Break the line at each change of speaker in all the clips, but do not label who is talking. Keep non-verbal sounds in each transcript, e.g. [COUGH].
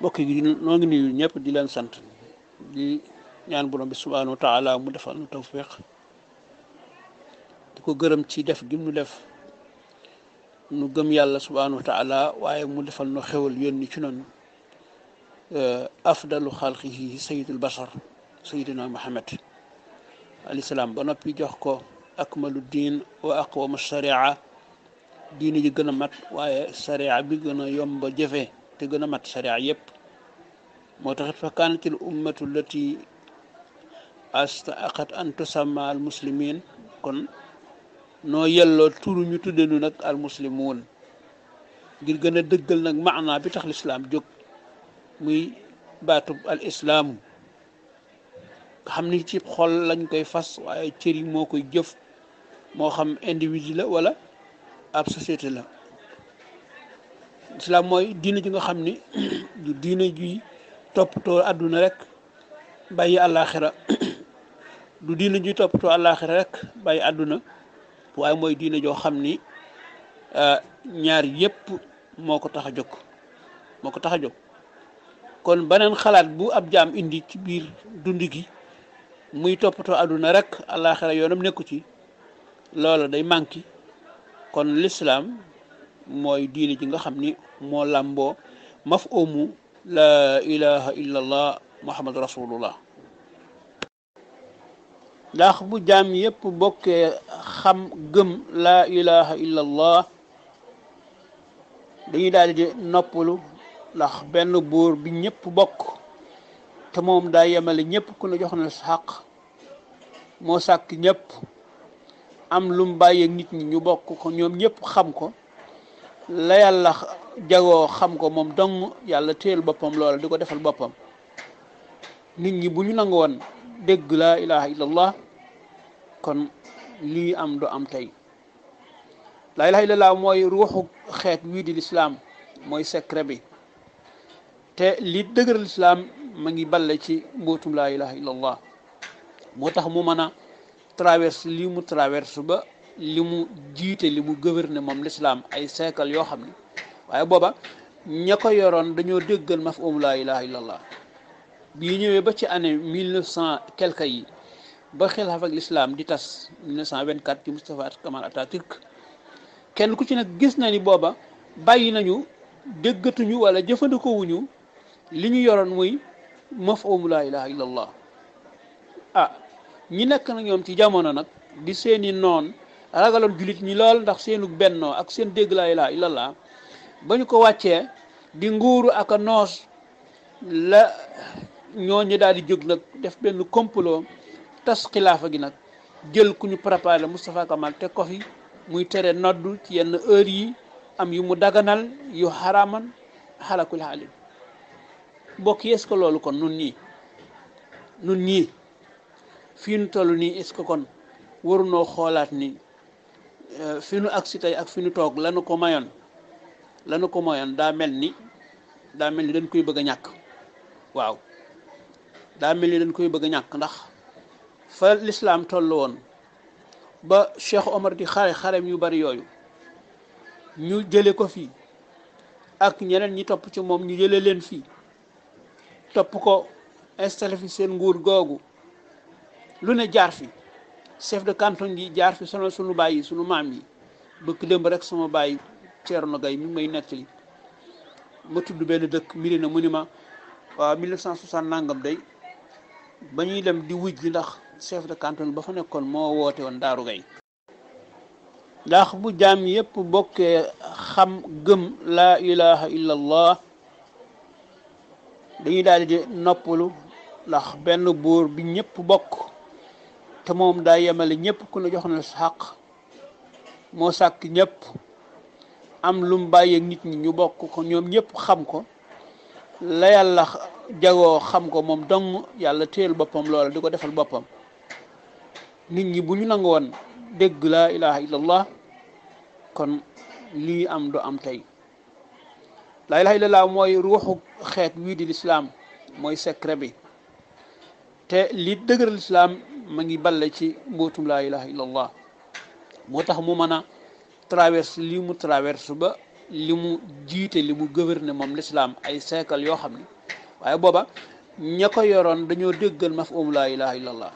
mbokk yi noo ngi nuyu ñëpp di leen sant di ñaan borom bi subhaanahu wa mu defal nu tawfiq di ko gërëm ci def gi mu def nu gëm yàlla subhaanahu wa waaye mu defal nu xewal yónni ci noonu eh, afdalu xalqihi sayidul basar sayidina muhammad alayhi salaam ba noppi jox ko akmalu diin wa aqwamu sharia diini ji gën a mat waaye sharia bi gën a yomb a jëfee te gën a mat sharia yépp moo taxit fa kaanatil ummatu lati astaqat an tusamma al muslimin kon noo yelloo turu ñu tuddenu nag al muslimuun ngir gën a dëggal nag maanaa bi tax lislaam jóg muy baatub al islaamu xam ni ci xool lañ koy fas waaye cër moo koy jëf moo xam individu la wala ab société la islam mooy diina ji nga xam ni du [CLEARS THROAT] diina ji toppatoo àdduna rek bàyyi àllaaxira [CLEARS THROAT] du diina ji toppatoo àllaaxira rek bàyyi àdduna waaye mooy diina joo xam ni euh, ñaar yépp moo ko tax a jóg moo ko tax a jóg kon beneen xalaat bu ab jaam indi ci biir dund gi muy toppatoo àdduna rek àllaaxira yoonam nekku ci loola day manqué kon l'islam mooy diine ji nga xam ni moo làmboo maf omu laa ilaha illa muhammad rasulullah ndax bu jaam yépp bokkee xam gëm laa ilaha illa dañuy daal noppalu ndax benn buur bi ñépp bokk te moom daa yemale ñépp ku ne jox na sa moo sàkk ñépp am lu mu bàyyee nit ñi ñu bokk ñoom ñëpp xam ko la yàlla jagoo xam ko moom dong yàlla téyel boppam loola di ko defal boppam nit ñi bu ñu nangu dégg laa ilaha illallah kon lii am du am tey laa ilaha illallah mooy ruuxu xeet wii di lislaam mooy secret bi te li dëgëral lislaam ma ngi balle ci mbootum laa ilaha illallah moo tax mu mën traverse lii mu traverse ba limu jiite li mu gouverner moom lislaam ay siècle yoo xam ne waaye booba ña ko yoroon dañoo déggal mafhum laa ilaha illallah bii ñëwee ba ci année mille cent quelque yi ba xilaaf ak lislaam di tas 1924 ci Moustapha Kamal Atatürk kenn ku ci nag gis na ni booba bàyyi nañu déggatuñu wala jëfandikoowuñu li ñu yoroon muy mafhum laa ilaha illallah ah ñi nekk na ñoom ci jamono nag di seeni noon ragaloon jullit ñi lool ndax seenu bennoo ak seen dégg laa la illallah ba ñu ko wàccee di nguuru ak a noos la ñooñu daal di jóg nag def benn complot tas xilaafa gi nag jël ku ñu préparé Moustapha Kamal te ko fi muy tere noddu ci yenn heure yi am yu mu daganal yu xaraaman xalakul xaalim mbokk yi est-ce loolu kon nun ñii nun ñii fii nu toll nii est-ce kon waru xoolaat nii Euh, fi nu agsi tey ak fi nu toog lanu ko mayoon lanu ko mayoon daa mel ni daa mel ni dañ koy bëgg a ñàkk waaw daa mel ni dañ koy bëgg a ñàkk ndax fa lislaam toll woon ba Cheikh Omar di xare xarem yu bari yooyu ñu jële ko fii ak ñeneen ñi topp ci moom ñu jële leen fii topp ko installé seen nguur googu lu ne jaar fi chef de canton gi jaar fi sonal sunu baay yi sunu maam yi bëgg démb rek sama baay Thierno Gaye mi may nettali ma tudd benn dëkk mbiri na mu ni ma waaw 1960 nangam day ba ñuy dem di wuj ji ndax chef de canton ba fa nekkoon moo woote woon Daaru Gaye ndax bu jaam yépp bokkee xam gëm laa ilaha illa dañuy daal di noppalu ndax benn buur bi ñépp bokk te moom daa yemale ñëpp ku ne jox na sa moo sàkk ñëpp am lu mu bàyyeeg nit ñi ñu bokk ko ñoom ñëpp xam ko la yàlla jagoo xam ko moom dong yàlla téyel boppam lool di ko defal boppam nit ñi bu ñu nangu dégg la ilaha illallah kon lii am du am tey laa ilaha illallah mooy ruuxu xeet wii di mooy secret bi te li dëgëral lislaam ma ngi balle ci mbootum laa ilaha illallah moo tax mu mën a traverse li mu traverse ba li mu jiite li mu gouverner moom l'islam ay siècle yoo xam ne waaye booba ña ko yoroon dañoo déggal mafhum laa ilaha illallah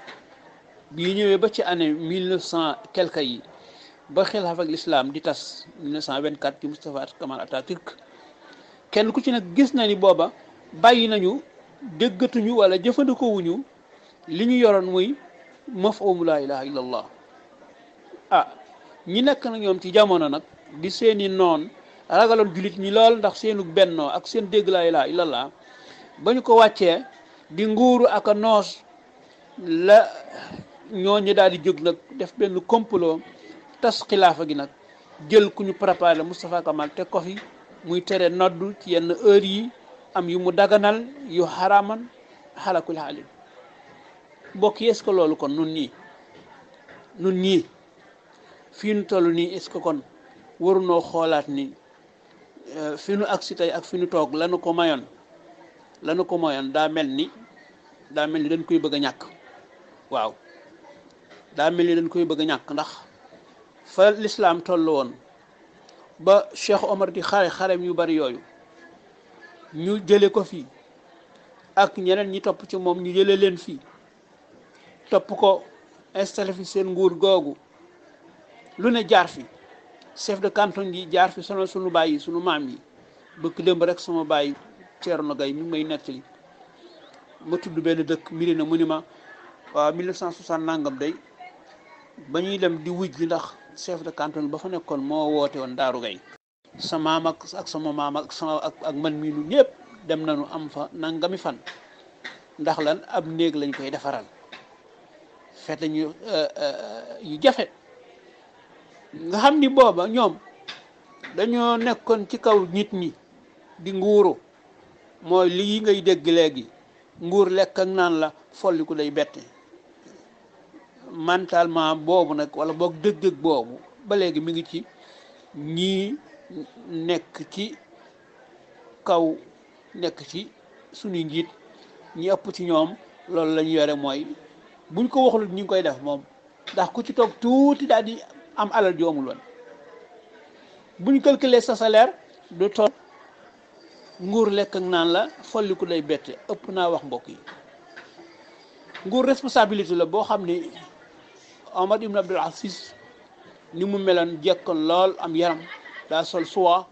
bii ñëwee ba ci année mille cent quelque yi ba xilaaf ak lislaam di tas 1924 ci Moustapha Kamal Atatürk kenn ku ci nag gis na ni booba bàyyi nañu déggatuñu wala jëfandikoowuñu li ñu yoroon muy mafoomu laa ilaha illa allah ah ñi nekk na ñoom ci jamono nag di seeni noon ragaloon jullit ñi lool ndax seenu bennoo ak seen dégg laa ilaha illa allah ba ñu ko wàccee di nguuru ak a noos la ñoo ñi daal di jóg nag def benn complot tas xilaafa gi nag jël ku ñu préparé Moustapha Kamal teg ko fi muy tere noddu ci yenn heure yi am yu mu daganal yu xaraman xalakul xaalin bokk yi est loolu kon nun ñii nun ñii fi nu toll nii est-ce que kon warunoo xoolaat ni euh, fi nu agsi tey ak fi nu toog lanu ko mayoon lanu ko mayoon daa mel ni daa mel ni dañ koy bëgg a ñàkk waaw daa mel ni dañ koy bëgg a ñàkk ndax fa lislaam toll woon ba Cheikh Omar di xare xarem yu bari yooyu ñu jële ko fii ak ñeneen ñi topp ci moom ñu jële leen fii top ko installé fi sen nguur googu lu ne jaar fi chef de canton di jaar fi sunu bayi sunu mami, yi bëkk démb rek sama bàyyi cierno Gay mi may netti ma tuddu ben dekk miri na wa 1960 nangam day bañuy dem di wujj ndax chef de canton ba fa nekkon mo wote won daru Gay sama maam ak sama mam ak sama ak ak man mi nu ñëpp dem nañu am fa nangami fan ndax lan ab neeg lañ koy defaral fete ñu euh, euh, jafe nga xam ni booba ñoom dañoo nekkoon ci kaw nit ñi di nguuru mooy lii ngay dégg léegi nguur lekk naan la folliku day bette mentalement boobu nag walla boog dëgg-dëgg boobu ba léegi mi ngi ci ñii nekk ci kaw nekk ci suñu njiit ñi ëpp ci ñoom loolu lañu ñu yore mooy buñ ko waxul ñu ngi koy def moom ndax ku ci toog tuuti daal di am alal ju amul woon buñ calculer sa salaire du toll nguur lekk ak naan la folliku day bette ëpp naa wax mbokk yi nguur responsabilité la boo xam ni Omar Ibn Abdul Aziz ni mu meloon jekkoon lool am yaram daa sol soi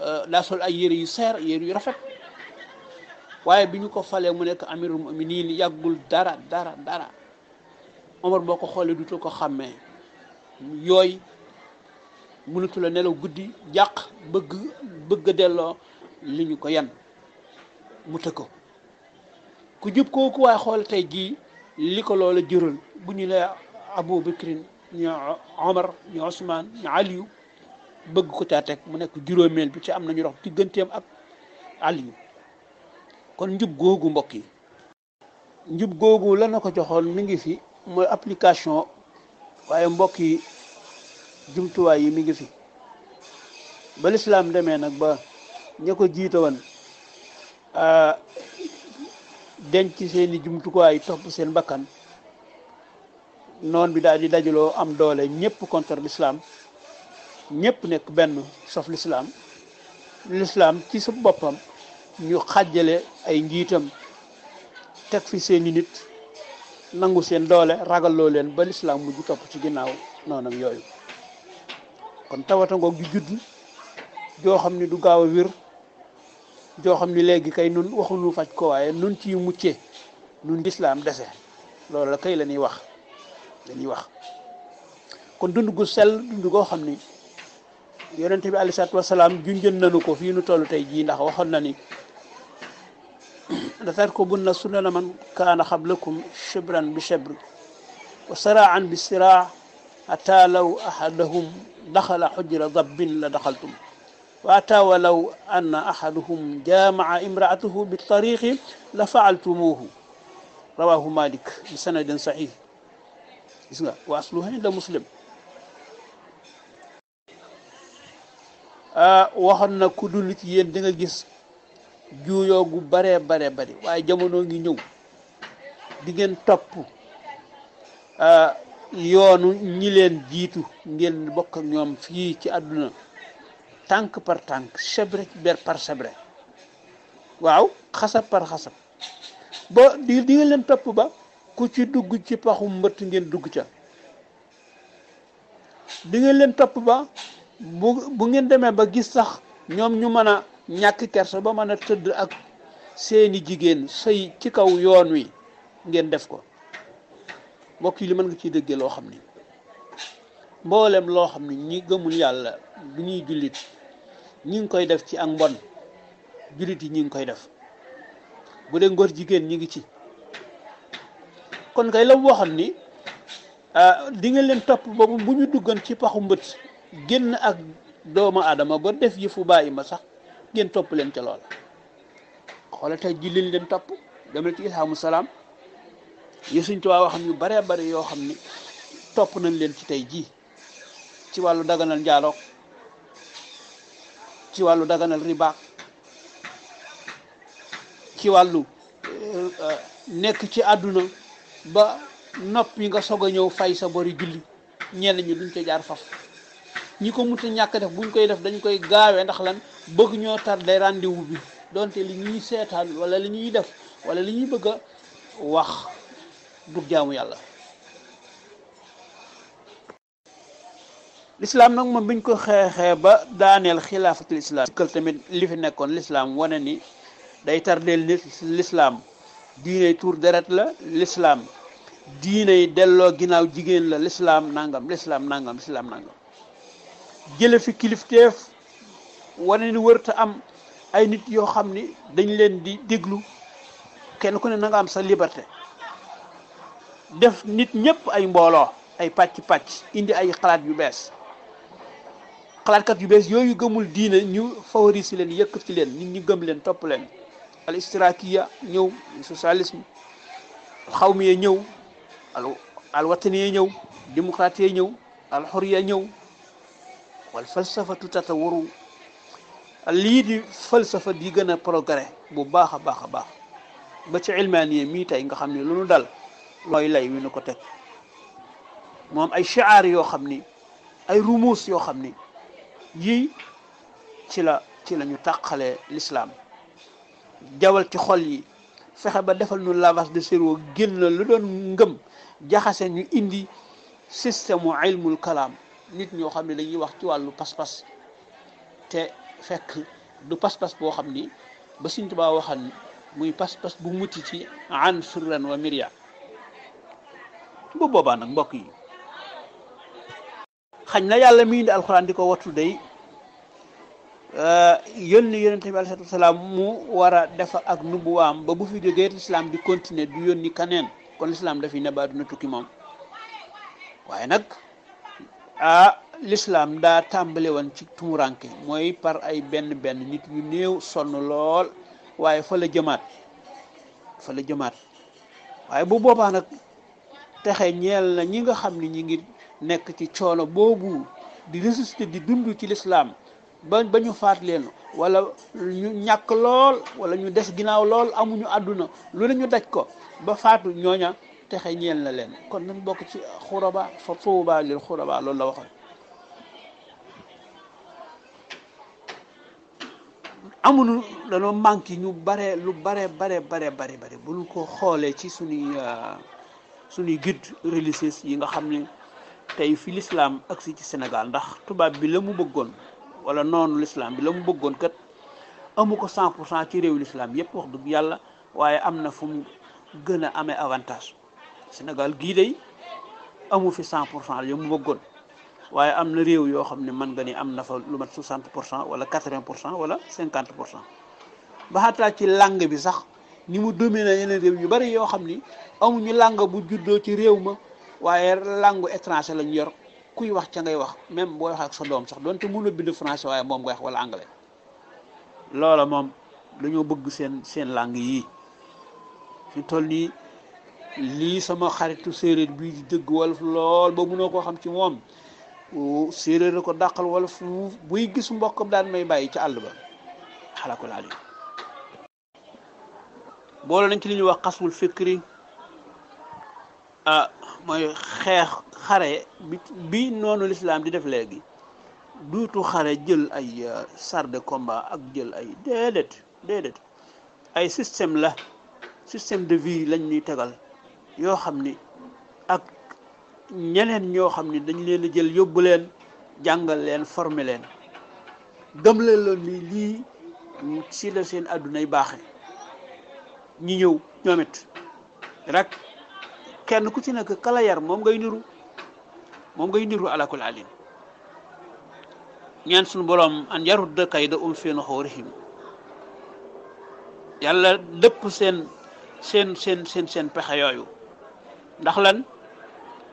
euh, daa sol ay yëre yu seer yére yu rafet waaye bi ñu ko falee mu nekk amirul muminin yàggul dara dara dara Omar boo ko xoolee dutu ko xàmmee yooy mënatu la nelaw guddi jàq bëgg bëgg a delloo li ñu ko yan mu të ku jub waaye xool tey li ko loola jëral bu la Abu Bikrin ñu Omar ñu Ousmane ñu Aliyu bëgg ko caa teg mu nekk juróomeel bi ci am nañu rox digganteem ak Aliyu kon njub googu mbokk yi njub googu la ko joxoon mi ngi fi mooy application waaye mbokk yi jumtuwaay yi mi ngi fi ba lislaam demee nag ba ña ko jiite woon denc seeni jumtuwaay topp seen bakkan noon bi daal di dajaloo am doole ñëpp contre lislaam ñëpp nekk benn sof lislaam lislaam ci su boppam ñu xajale ay njiitam teg fi seeni nit nangu seen doole ragalloo leen ba lislaam mujj topp ci ginnaaw noonam yooyu kon tawata ngoog ju judd joo xam ni du gaaw a wir joo xam ni léegi kay nun waxuñu faj ko waaye nun ci muccee nun lislaam dese loolu la kay la ñuy wax la wax kon dund gu sell goo xam ni yonente bi aleyhi salaam wasalaam junjën nanu ko fii nu toll tey jii ndax waxoon na ni لتركبن سنن من كان قبلكم شبرا بشبر وصراعا بالصراع حتى لو أحدهم دخل حجر ضب لدخلتم وأتى ولو أن أحدهم جامع امرأته بالطريق لفعلتموه رواه مالك بسند صحيح وأصله عند مسلم waxoon na ku dul juuyoo gu baree bare bari waaye jamono ngi ñëw di ngeen topp ah, yoonu ñi leen jiitu ngeen bokk ñoom fii ci àdduna tànk par tànk sebre ci ber par sebre waaw xasab par xasab ba di di ngeen leen topp ba ku ci dugg ci paxu mbëtt ngeen dugg ca di ngeen leen topp ba bu bu ngeen demee ba gis sax ñoom ñu mën a ñak kersa ba mëna ak seeni jigéen sëy ci kaw yoon wi ngeen def ko mbokk yi li mën nga ci loo xam ni mboolem loo xam ni ñi gëmul yàlla bu ñuy jullit ñi ngi koy def ci ak mbon jullit yi ñi ngi koy def bu dee ngor jigéen ñi ngi ci kon kay la waxon ni ah, di nga leen topp boobu bu ñu duggan ci paxu mbët génn ak doomu aadama ba def yëfu bàyyi ma sax ngeen topp leen ca loola xoola tey julli leen topp demal ci ilhaamu salaam yi Sëñ Tuubaa wax yu baree bare yoo xam ne topp nañ leen ci tey jii ci wàllu daganal njaaloog ci wàllu daganal ribaak ci wàllu euh, nekk ci àdduna ba noppi nga soog a ñëw fay sa bori julli ñenn ñi duñ ca jaar faf ñi ko mënta ñàkk def buñ koy def dañ koy gaawee ndax lan bëgg ñoo tar day rendez-vous bi donte li ñuy seetaan wala li ñuy def wala li ñuy bëgg a wax du jaamu yàlla l'islam nag moom biñ ko xeexee ba daaneel xilaafatul islam sikkal tamit li fi nekkoon l'islam wane ni day tardeel nit l'islam diiney tour deret la l'islam diiney delloo ginnaaw jigéen la l'islam nangam l'islam nangam l'islam nangam jële fi kilifteef wane ni wërta am ay nit yoo xam ni dañ leen di déglu kenn ku ne na am sa liberté def nit ñëpp ay mbooloo ay pàcc-pàcc indi ay xalaat yu bees xalaatkat yu bees yooyu gëmul diine ñu favoriser leen yëkkat ci leen ñu gëm leen topp leen al istirakiya ñëw socialisme xawmi ya ñëw al watani ya ñëw démocrate ya ñëw al xoriya ñëw wal falsafatu tatawaru lii di falsafa di gën a bu baax a baax a baax ba ci ilmaaniye mii tey nga xam ne lu nu dal looy lay wi nu ko teg moom ay shiaar yoo xam ni ay rumuus yoo xam ni yii ci la ci la ñu tàqalee lislaam jawal ci xol yi fexe ba defal ñu lavas de cerveau génn lu doon ngëm jaxase ñu indi système mu ilmul kalaam nit ñoo xam ne dañuy wax ci wàllu pas-pas te fekk du pas-pas boo xam ni ba Sëñ Tuubaa waxan muy pas-pas bu mucc ci an firran wa miria bu boobaa nag mbokk yi xañ na yàlla mi indi alxuraan di ko wattu day eh, yónni yonent bi alayhi salaam mu war a def ak nubuwaam ba bu fi jógee lislaam di continuer du yónni kaneen kon lislaam dafiy ne ba duna tukki moom waaye nag ah l'islam daa tàmbale woon ci tumuranke mooy par ay benn benn nit yu néew sonn lool waaye fa la jëmaat fa la jëmaat waaye bu boobaa nag texe ñeel na ñi nga xam ne ñi ngi nekk ci coono boobu di résister di dund ci l'islam ba ba ñu faat leen wala ñu ñàkk lool wala ñu des ginnaaw lool amuñu àdduna lu ne ñu daj ko ba faatu ñooña texe ñeel na leen kon nañ bokk ci xuraba fa tuuba lil xuraba loolu la waxoon amuñu dañoo manqué ñu bare lu bare bare bare bare bare buñ ko xoolee ci suñuy euh, suñuy guide religieux yi nga xam ni tey fi l'islam si ci Sénégal ndax tubaab bi la mu bëggoon wala noonu lislaam bi la mu bëggoon kat amu ko cent pour cent ci réew l'islam yépp wax dëgg yàlla waaye am na fu mu gën a amee avantage Sénégal gii day amu fi cent pour cent la mu bëggoon waaye am na réew yoo xam ne mën nga ni am na fa lu mat soixante pour cent wala quatre-vingt pour cent wala cinquante pour cent ba xataa ci langue bi sax ni mu dominé yenn réew yu bari yoo xam ni amuñu langue bu juddoo ci réew ma waaye langue étranger lañ yor kuy wax ca ngay wax même booy wax ak sa doom sax doonte mu a bind français waaye moom ngay wax wala anglais loola moom dañoo bëgg seen seen langue yii lii sama xaritu séeréer bi di dëgg wolof lool ba munoo koo xam ci moom séeréer la ko dàqal wolof buy gis mbokkam daan may bàyyi ci àll ba xalaa ko laal boole nañ ci li ñuy wax xaswul fikri ah mooy xeex xare bi noonu lislaam di def léegi duutu xare jël ay ah, char combat ak jël ay déedéet déedéet ay système la système de vie lañ ñuy tegal Yohamni, xamni ak ñeneen ñoo xam ni dañ leen a jël yóbbu leen jàngal leen formé leen gëm leen loon ni lii si la seen àddunay baaxe ñi ñëw ñoomit rek kenn ku ci nekk kala yar moom ngay niru moom ngay niru ala kul alin ñaan suñu borom an yarudda kayda um feen xoorihim yàlla dëpp seen seen seen seen seen pexe yooyu ndax lan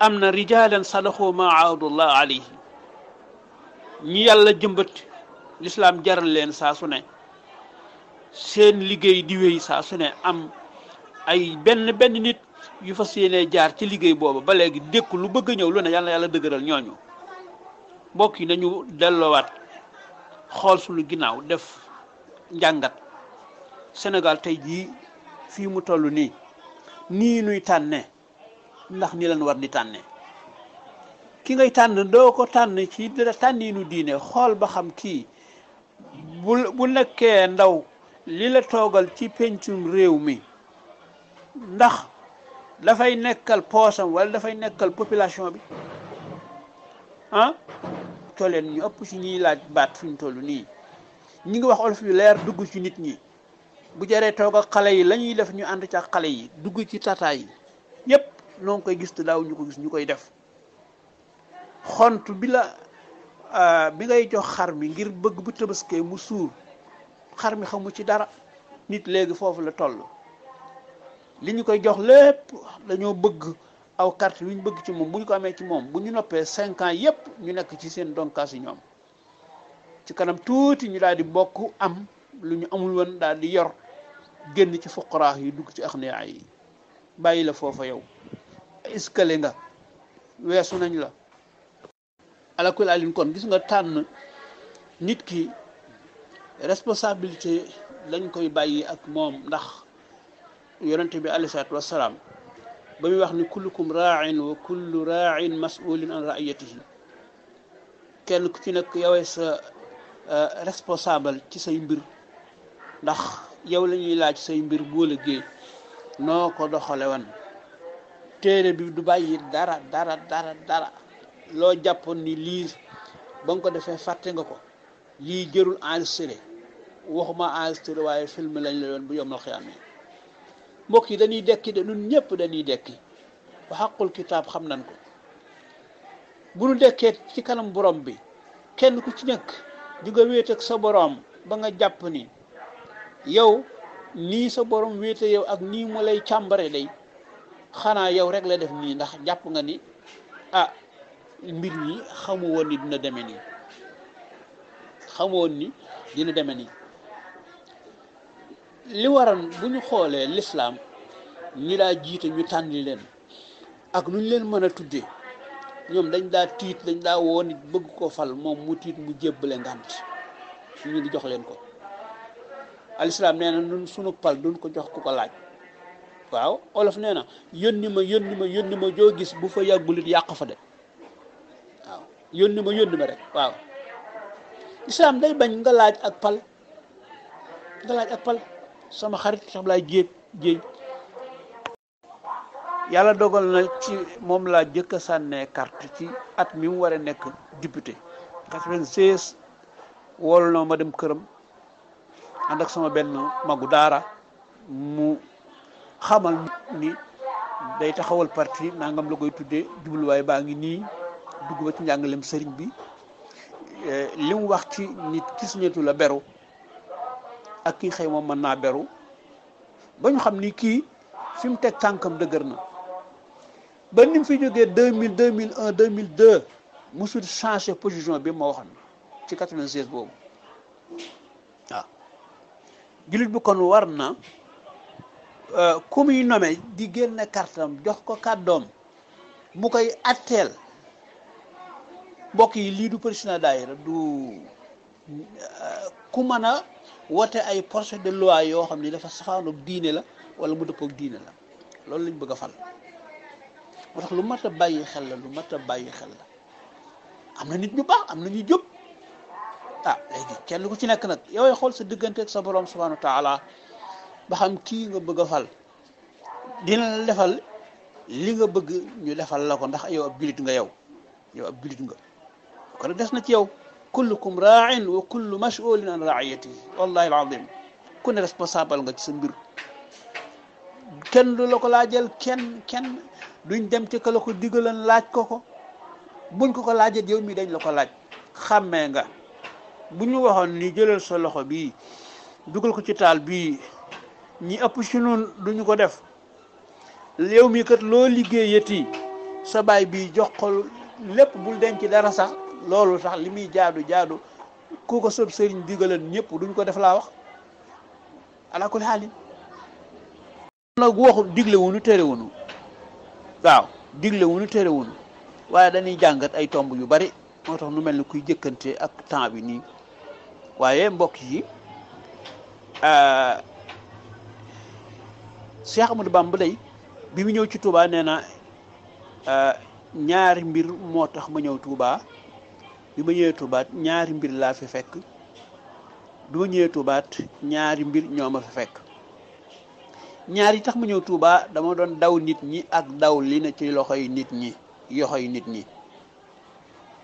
am na rijalan sadaxoo ma aadullah alayhi ñi yàlla jëmbat lislaam jaral leen saasu ne seen liggéey di wéy saa ne am ay benn benn nit yu fas yéenee jaar ci liggéey boobu ba léegi dékk lu bëgg ñëw lu ne yàlla yàlla dëgëral ñooñu mbokk yi nañu delloowaat xool suñu ginnaaw def njàngat Sénégal tey jii fii mu toll nii nii nuy tànne ndax ni lan war di tànne ki ngay tànn doo ko tànn ci tànniinu diine xool ba xam kii bu bu nekkee ndaw li la toogal ci pencum réew mi ndax dafay nekkal poosam wala dafay nekkal population bi ah tolleen ñu ëpp ci ñuy laaj baat fi ñu toll nii ñu ngi wax olof yu leer dugg ci nit ñi bu jaree toogal xale yi lañuy def ñu ànd ca xale yi dugg ci tataay yi yépp noo ngi koy gis te ñu ko gis ñu koy def xont bi la euh, bi ngay jox xar mi ngir bëgg bu tabaskee mu suur xar mi xamu ci dara nit léegi foofu la toll li ñu koy jox lépp dañoo bëgg aw carte yu ñu bëgg ci moom bu ñu ko amee ci moom bu ñu noppee cinq ans yépp ñu nekk ci seen donkaas yi ñoom ci kanam tuuti ñu daal di bokk am lu ñu amul woon daal di yor génn ci fuqaraax yi dugg ci axniyaa yi bàyyi la foofa yow iskale nga weesu nañ la alakul alin kon gis nga tànn nit ki responsabilité dañ koy bàyyi ak moom ndax yonente bi aleyhi salaatu wassalaam ba muy wax ni kullukum raain wa kullu raain masulin an raiyatihi kenn ku ci nekk yowee sa euh, responsable ci say mbir ndax yow lañuy laaj say mbir boo liggéey noo ko doxale téere bi du bàyyi dara dara dara dara loo jàppoon ni lii ba nga ko defee fàtte nga ko lii jërul enregistré waxuma enregistré waaye film lañ la yoon bu yomal xiyaam yi mbokk yi dañuy dekki de ñun ñëpp dañuy dekki ba xaqul kitaab xam nañ ko bu nu dekkee ci kanam borom bi kenn ku ci nekk di nga wéet sa borom ba nga jàpp ni yow nii sa borom wéete yow ak nii mu lay càmbare day xanaa yow rek la def nii ndax jàpp nga ni a ah, mbir mi xamu woon ni dina deme nii xamu woon ni dina deme nii li waroon bu ñu xoolee lislaam ñi laa jiite ñu tànni leen ak lu ñu leen mën a tuddee ñoom dañ daa tiit dañ daa woo bëgg ko fal moom mu tiit mu jébbale ngànt ñu di jox leen ko alislaam nee na nun sunu pal duñ ko jox ku ko laaj waaw olof nee na yónni ma yónni ma yónni ma joo gis bu fa yàggulit yàq fa de waaw yónni ma yónni ma rek waaw islam day bañ nga laaj ak pal nga laaj sama xarit sax laay jéeg yàlla dogal na ci moom laa jëkk a sànnee kart ci at mi mu war a nekk député 96 woolu na ma dem këram ànd ak sama benn magu daara mu xamal ni day taxawal parti nangam la koy tuddee jubluwaay baa ngi nii dugg ba ci njàngalem sëriñ bi eh, li mu wax ci nit ki suñetu la beru ak ki xëy moom mën naa beru ba ñu xam ni kii fi mu teg tànkam dëgër na ba ni mu fi jógee deux mille deux mille un deux mille deux musul changé position bi ma waxoon ci quatre-vingt-seize boobu waaw jullit bi kon war na ku euh, muy nommé di génne kartam jox ko kàddoom mu koy atteel mbokk yi lii du président daayira du euh, ku mën a wote ay projet de loi yoo xam ni dafa safaanoog diine la wala mu dëppoog diine la loolu lañ bëgg a fal moo tax lu mat a bàyyi xel la lu mat a bàyyi xel la am nit ñu baax am ñu ah léegi kenn ku ci nekk nag yow xool sa diggante ak sa borom subhanahu wa taala ba xam kii nga bëgg a fal dina la defal li nga bëgg ñu defal la ko ndax yow ab julit nga yow yow ab julit nga kon des na ci yow kullukum raain wa kullu mas'ulin an raiyatihi wallahi alazim ku ne responsable nga ci sa mbir kenn du la ko laajal kenn kenn duñ dem ci ka la ko laaj ko ko buñ ko ko laajal yow mi dañ la ko laaj xàmmee nga bu ñu waxoon ni jëlal sa loxo bii dugal ko ci taal bii ñi ëpp ci duñu ko def léew mi kat loo liggéeyati sa baay bi jox ko lépp bul denc dara sax loolu sax li muy jaadu jaadu ku ko sëb sëriñ digalan ñëpp duñ ko def laa wax ala kulli xaalin nag waxu digle wunu tere wunu waaw digle wunu tere wunu waaye dañuy jàngat ay tomb yu bari moo tax nu mel ni kuy jëkkante ak temps bi nii waaye mbokk yi euh, Cheikh Amadou Bamba lay bi mu ñëw ci Touba nee na euh, ñaari mbir moo tax ma ñëw Touba bi ma ñëwee Touba ñaari mbir laa fi fekk bi ma ñaari mbir ñoo ma fi fekk ñaar tax ma ñëw tuubaa dama doon daw nit ñi ak daw lii ne ci loxo yi nit ñi yoxo yi nit ñi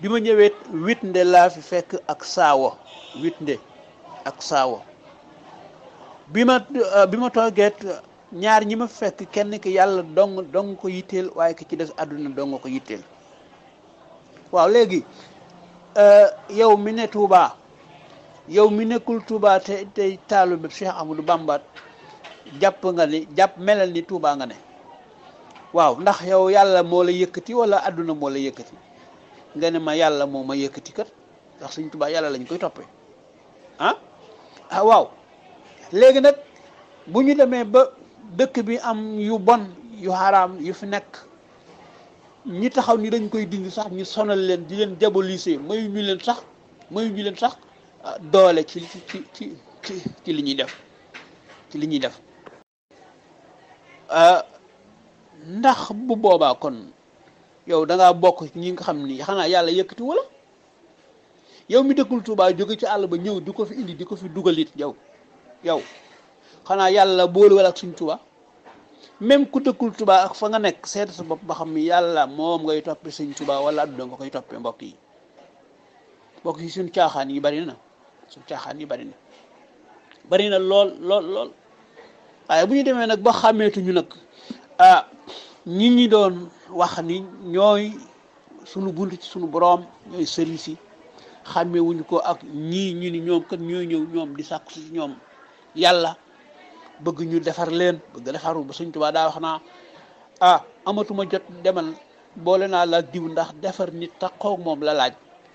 bi ma ñëwee wit nde laa fi fekk ak saawo wit nde ak saawo bi ma euh, bi ñaar ñi ma fekk kenn ki yàlla dong dong ko yitteel waaye ki ci des àdduna dong ko yitteel waaw léegi euh, yow mi ne Touba yow mi nekkul Touba te tey taalu bi Cheikh Amadou Bamba jàpp nga ni jàpp melal ni Touba nga ne waaw ndax yow yàlla moo la yëkkati wala àdduna moo la yëkkati nga ne ma yàlla moo ma yëkkati kët ndax suñ Touba yàlla lañ koy toppee ah? ah waaw léegi nag bu ñu demee ba. dëkk bi am yu bon yu xaraam yu fi nekk ñi taxaw ni dañ koy dindi sax ñu sonal leen di leen diaboliser mayu ñu leen sax mayu ñu leen sax ah, doole ci ci ci ci li ñuy def li ñuy def ah, ndax bu boobaa kon yow da ngaa bokk ci ñi nga xam ni xanaa yàlla yëkkati wala yow mi dëkkul Tuubaa jóge ci àll ba ñëw di ko fi indi di ko fi dugalit yow yow xanaa yàlla boolu wala ak suñ tuba même ku dëkkul tuba fa nga nekk seet sa bopp ba xam ni yàlla moom ngay toppi suñ tuba walla adduna nga koy toppee mbokk yi yi suñ caaxaan yi bari na suñ yi bari na bari na lool lool bu ñu demee nag ba xàmmeetuñu nag ah ñi ñi doon wax ni ñooy sunu bunt ci sunu boroom ñooy sëriñ si xàmmewuñu ko ak ñii ñu ñoom kat ñooy ñëw ñoom di sàkku si ñoom yàlla bëgg ñu defar leen bëgg defaru ba suñ tuba daa wax naa ah amatuma jot demal boole naa la diw ndax defar nit taqoog moom la laaj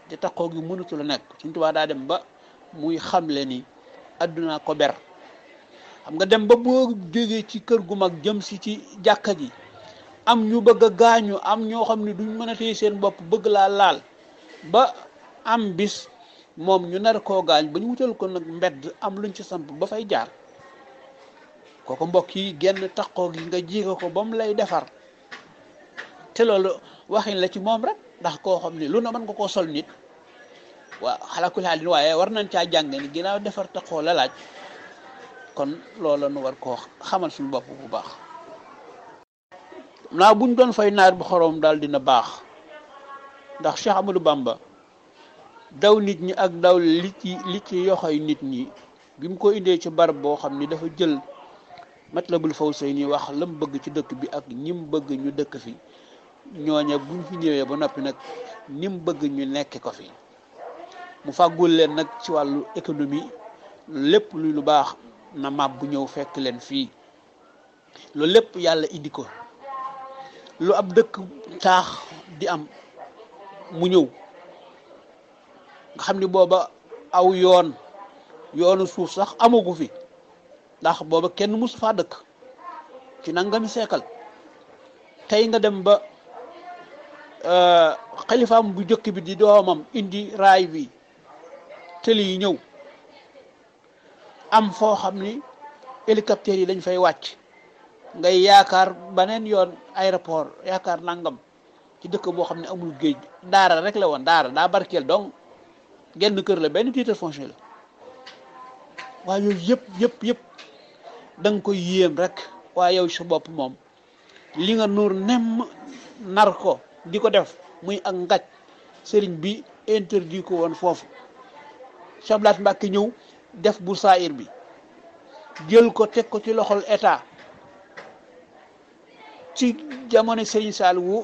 te taqoog yu mënatu la nekk suñ tuba daa dem ba muy xamle ni àdduna ko ber xam nga dem ba boo jógee ci kër gu mag jëm si ci jàkka ji am ñu bëgg a gaañu am ñoo xam ne duñ mën a téye seen bopp bëgg laa laal ba am bis moom ñu nar koo gaañ ba ñu wutal ko nag mbedd am luñ ci samp ba fay jaar koko mbokk yi genn takko gi nga ko bam lay defar te loolu waxin la ci moom rek ndax koo xam lu na mën nga koo sol nit waa kul xaalin waaye war nañ caa jàng ni ginnaaw defar taqoo la laaj kon loola nu war koo xamal suñu bopp bu baax naa buñ doon fay naar bu xorom daal dina baax ndax cheikh amadou bamba daw nit ñi ak daw li ci li ci yoxoy nit ñi bi ko indee ci bar boo xam ni dafa jël la Matlabul Fawzayni wax lam bëgg ci dëkk bi ak ñim bëgg ñu dëkk fi ñooña buñ fi ñëwee ba noppi nag nim bëgg ñu nekke ko fi mu fàggul leen nag ci wàllu économie lépp lu lu baax na mab bu ñëw fekk leen fii loolu lépp yàlla indi ko lu ab dëkk taax di am mu ñëw nga xam ni booba aw yoon yoonu suuf sax amagu fi ndax boobu kenn musu faa dëkk ci nangami seekal tey nga dem ba euh, xalifaam bu jëkk bi di doomam indi raay bi tëli yi ñëw am foo xam ni hélicoptère yi dañ fay wàcc ngay yaakaar beneen yoon aéroport yaakaar nangam ci dëkk boo xam ne amul géej daara rek la woon daara daa barkeel donc gen kër la benn titre foncier la waaye yooyu yëpp yëpp yëpp danga koy yéem rek waaye yow sa bopp moom li nga nuur nemm nar di ko def muy ak ngaj sëriñ bi interdit ko woon foofu sablaat mbàkke ñëw def bu saayir bi jël ko teg ko ci loxol état ci jamono sëriñ Saaliwu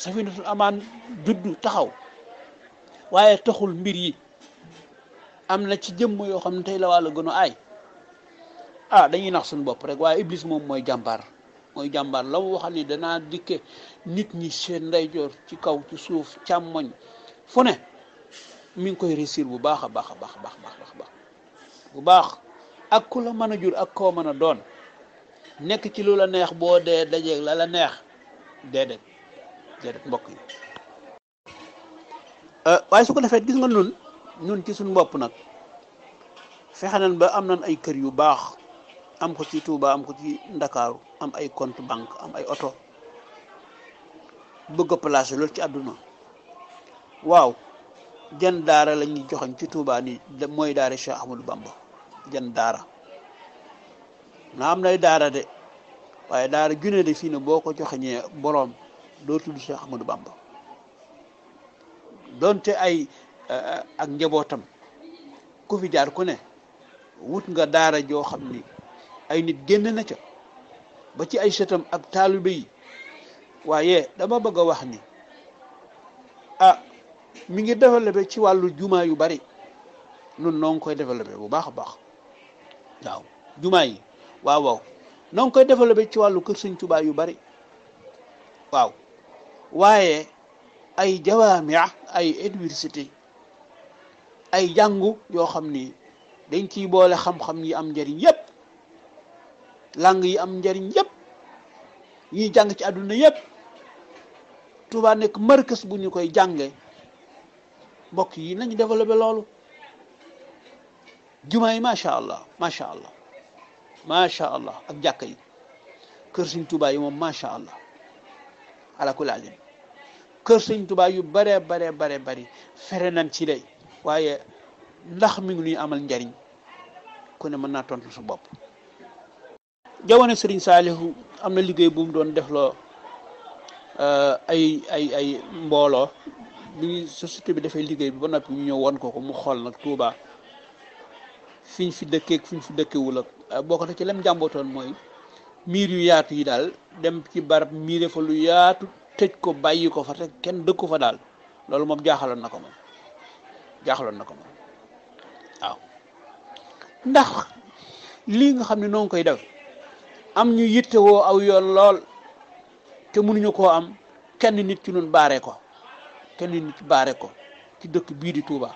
safinatul amaan juddu taxaw waaye taxul mbir yi am na ci jëm yoo xam ne tey la wàllu gën a aay ah dañuy nax suñu bopp rek waaye iblis moom mooy jàmbaar mooy jàmbaar la mu waxal ni danaa dikke nit ñi seen ndeyjoor ci kaw ci suuf càmmoñ fu ne mi ngi koy réussir bu baax a baax a baax baax baax baax bu baax ak ku la mën a jur ak koo mën a doon nekk ci lu la neex boo dee dajeeg la la neex déedéet déedéet mbokk yi euh, waaye su ko defee gis nga nun nun ci suñu bopp nag fexe nañ ba am nañ ay kër yu baax am ko ci Touba am ko ci Ndakaaru am ay compte banque am ay oto bëgg a loolu ci àdduna waaw jan daara la ñuy joxoñ ci Touba ni mooy daara Cheikh Ahmadou Bamba jan daara na am nay daara de waaye daara junne de fii boo ko joxeñee boroom doo tudd Cheikh Ahmadou Bamba donte ay eh, eh, ak njabootam ku fi jaar ku ne wut nga daara joo ni ay nit génne na ca ba ci ay sëtam ak taalibe yi waaye dama bëgg a wax ni ah mi ngi développé ci wàllu jumaa yu bari nun noo ngi koy développé bu baax a baax waaw jumaa yi waaw waaw noo ngi koy développé ci wàllu kër sëñ Tuubaa yu bari waaw waaye ay jawaamia ay université ay jàngu yoo xam ni dañ ci boole xam-xam yi am njëriñ yépp langue yi am njariñ yépp ñuy jàng ci àdduna yépp Touba nekk kës bu ñu koy jànge mbokk yi nañ développé loolu jumaa yi macha allah macha allah macha allah ak jàkka yi kër sëñ Touba yi moom macha allah ala kulli alim kër sëñ Touba yu bare bare bare bari fere nañ ci day waaye ndax mi ngi amal njariñ ku ne mën naa tontu su bopp jamono Serigne Saalihu am na liggéey bu mu doon defloo eh, ay ay ay mbooloo ngi société bi dafay liggéey bi ba noppi mu ñëw won ko ko mu xool nag Touba fiñ fi dëkkeek fiñ fi dëkkewul ak eh, bokk na ci lem jàmbootoon mooy miir yu yaatu yi daal dem ci barab miire fa lu yaatu tëj ko bàyyi ko fa te kenn dëkku fa daal loolu moom jaaxaloon na ko moom jaaxaloon na ko moom waaw ndax lii nga xam ne noo ngi koy def am ñu yittewoo aw yoon lool te mënuñu koo am kenn nit ki nun baare ko kenn nit ci baare ko ci dëkk bii di tuuba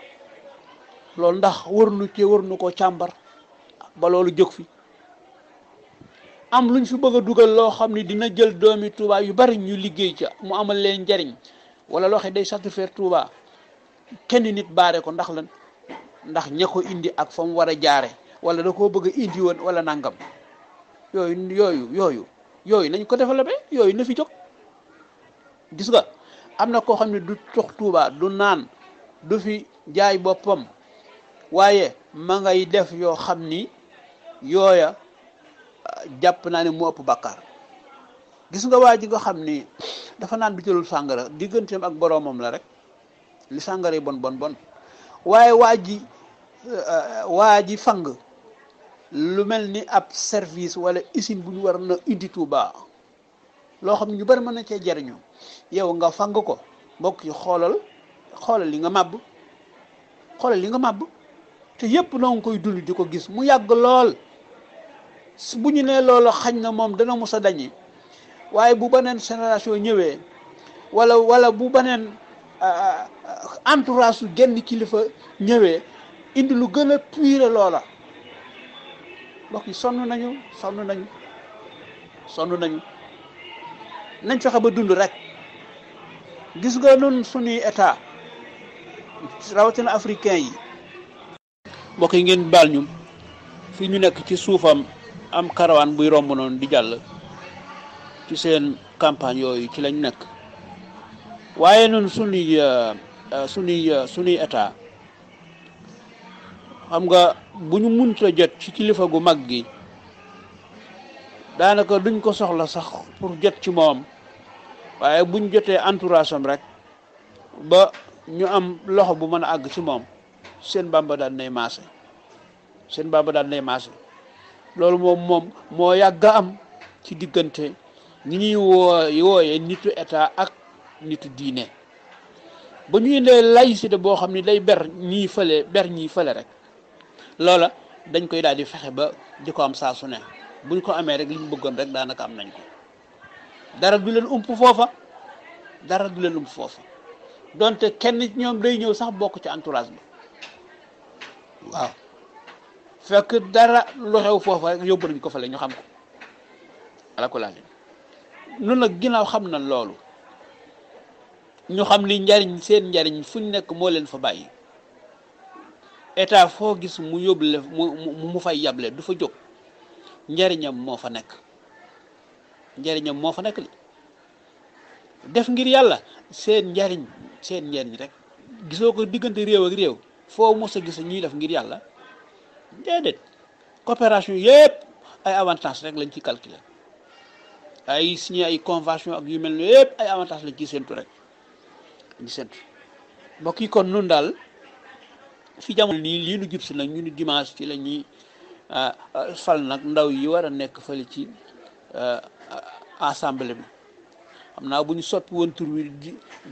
loolu ndax warnu ci warnu koo càmbar ba loolu jóg fi am luñ fi bëgg a dugal loo xam ne dina jël doomi Touba yu bari ñu liggéey ci mu amal leen njariñ wala loo xam day satisfaire Touba kenn nit baare ko ndax lan ndax ña ko indi ak fa war a jaare wala da koo bëgg a indi woon wala nangam yooyu yooyu yooyu yooyu nañ ko développé yooyu na fi jóg gis nga am na koo xam ne du tox tuuba du naan du fi jaay boppam waaye ma ngay def yoo xam ni yooya ah, jàpp naa ne mu ëpp bàkkaar gis nga waa ji nga xam ni [SNIFFS] dafa naan du jëlul sàngara digganteem ak boroomam la rek li sàngara yi bon bon bon waaye waa ji eh, eh, waa fang lu mel ni ab service wala isin bu ñu war na indi Touba lo xam ñu bari mëna ci cee yow nga fang ko mbokk yi xolal xolal li nga mab xolal li nga mab te yépp no ngi koy dund diko gis mu yàgg lool bu ñu nee loolu xañ na moom dana musa dañi waaye bu nyewe génération ñëwee wala wala bu beneen entourage su genn kilifa ñëwee indi lu gën a puire loola mbokk yi sonn nañu sonn nañu sonn nañu nañ fexe ba dund rek gis nga nun suñuy état rawatina africain yi mbokk yi ngeen baal ñu fi ñu nekk ci suufam am karawaan buy romb noonu di jàll ci seen campagne yooyu ci lañ nekk waaye nun suñuy euh, euh, suñuy euh, suñuy état xam nga bu ñu munta jot ci kilifa gu mag gi daanaka duñ ko soxla sax pour jot ci moom waaye buñ jotee entourage am rek ba ñu am loxo bu mën a àgg ci moom seen bàmba daan seen bàmba daan nay maase loolu moom moom moo yàgg am ci diggante ñi ñuy woo wooye nitu état ak nitu diine ba ñu indee laïcité boo xam ni day ber ñii fële ber ñii rek loola dañ koy daal di fexe ba di ko am saa su ne buñ ko amee rek liñ bëggoon rek daanaka am nañ ko dara du leen ump foofa dara du leen ump foofa donte kenn ñoom day ñëw sax bokk ci entourage bi waaw fekk dara lu xew foofa rek yóbbu nañ ko fale ñu xam ko ala ko nag ginnaaw xam na loolu ñu xam ni njariñ seen njariñ fuñ nekk moo leen fa bàyyi état foo gis mu yóble mu mu fay yable du fa jóg njariñam moo fa nekk njariñam moo fa nekk li def ngir yàlla seen njariñ seen njariñ rek gisoo ko diggante réew ak réew foo mos a gis ñuy def ngir yàlla déedéet coopération yépp ay avantage rek lañ ci calculer ay signé ay convention ak yu mel ne yépp ay avantage lañ ci séntu rek ñu yi kon nun daal fi jamono nii lii nu jub nag ñu nu dimanche ci la ñuy ah, ah, fal nag ndaw yi war a nekk fale ci ah, assemblée bi xam naa bu ñu soppi woon tur wi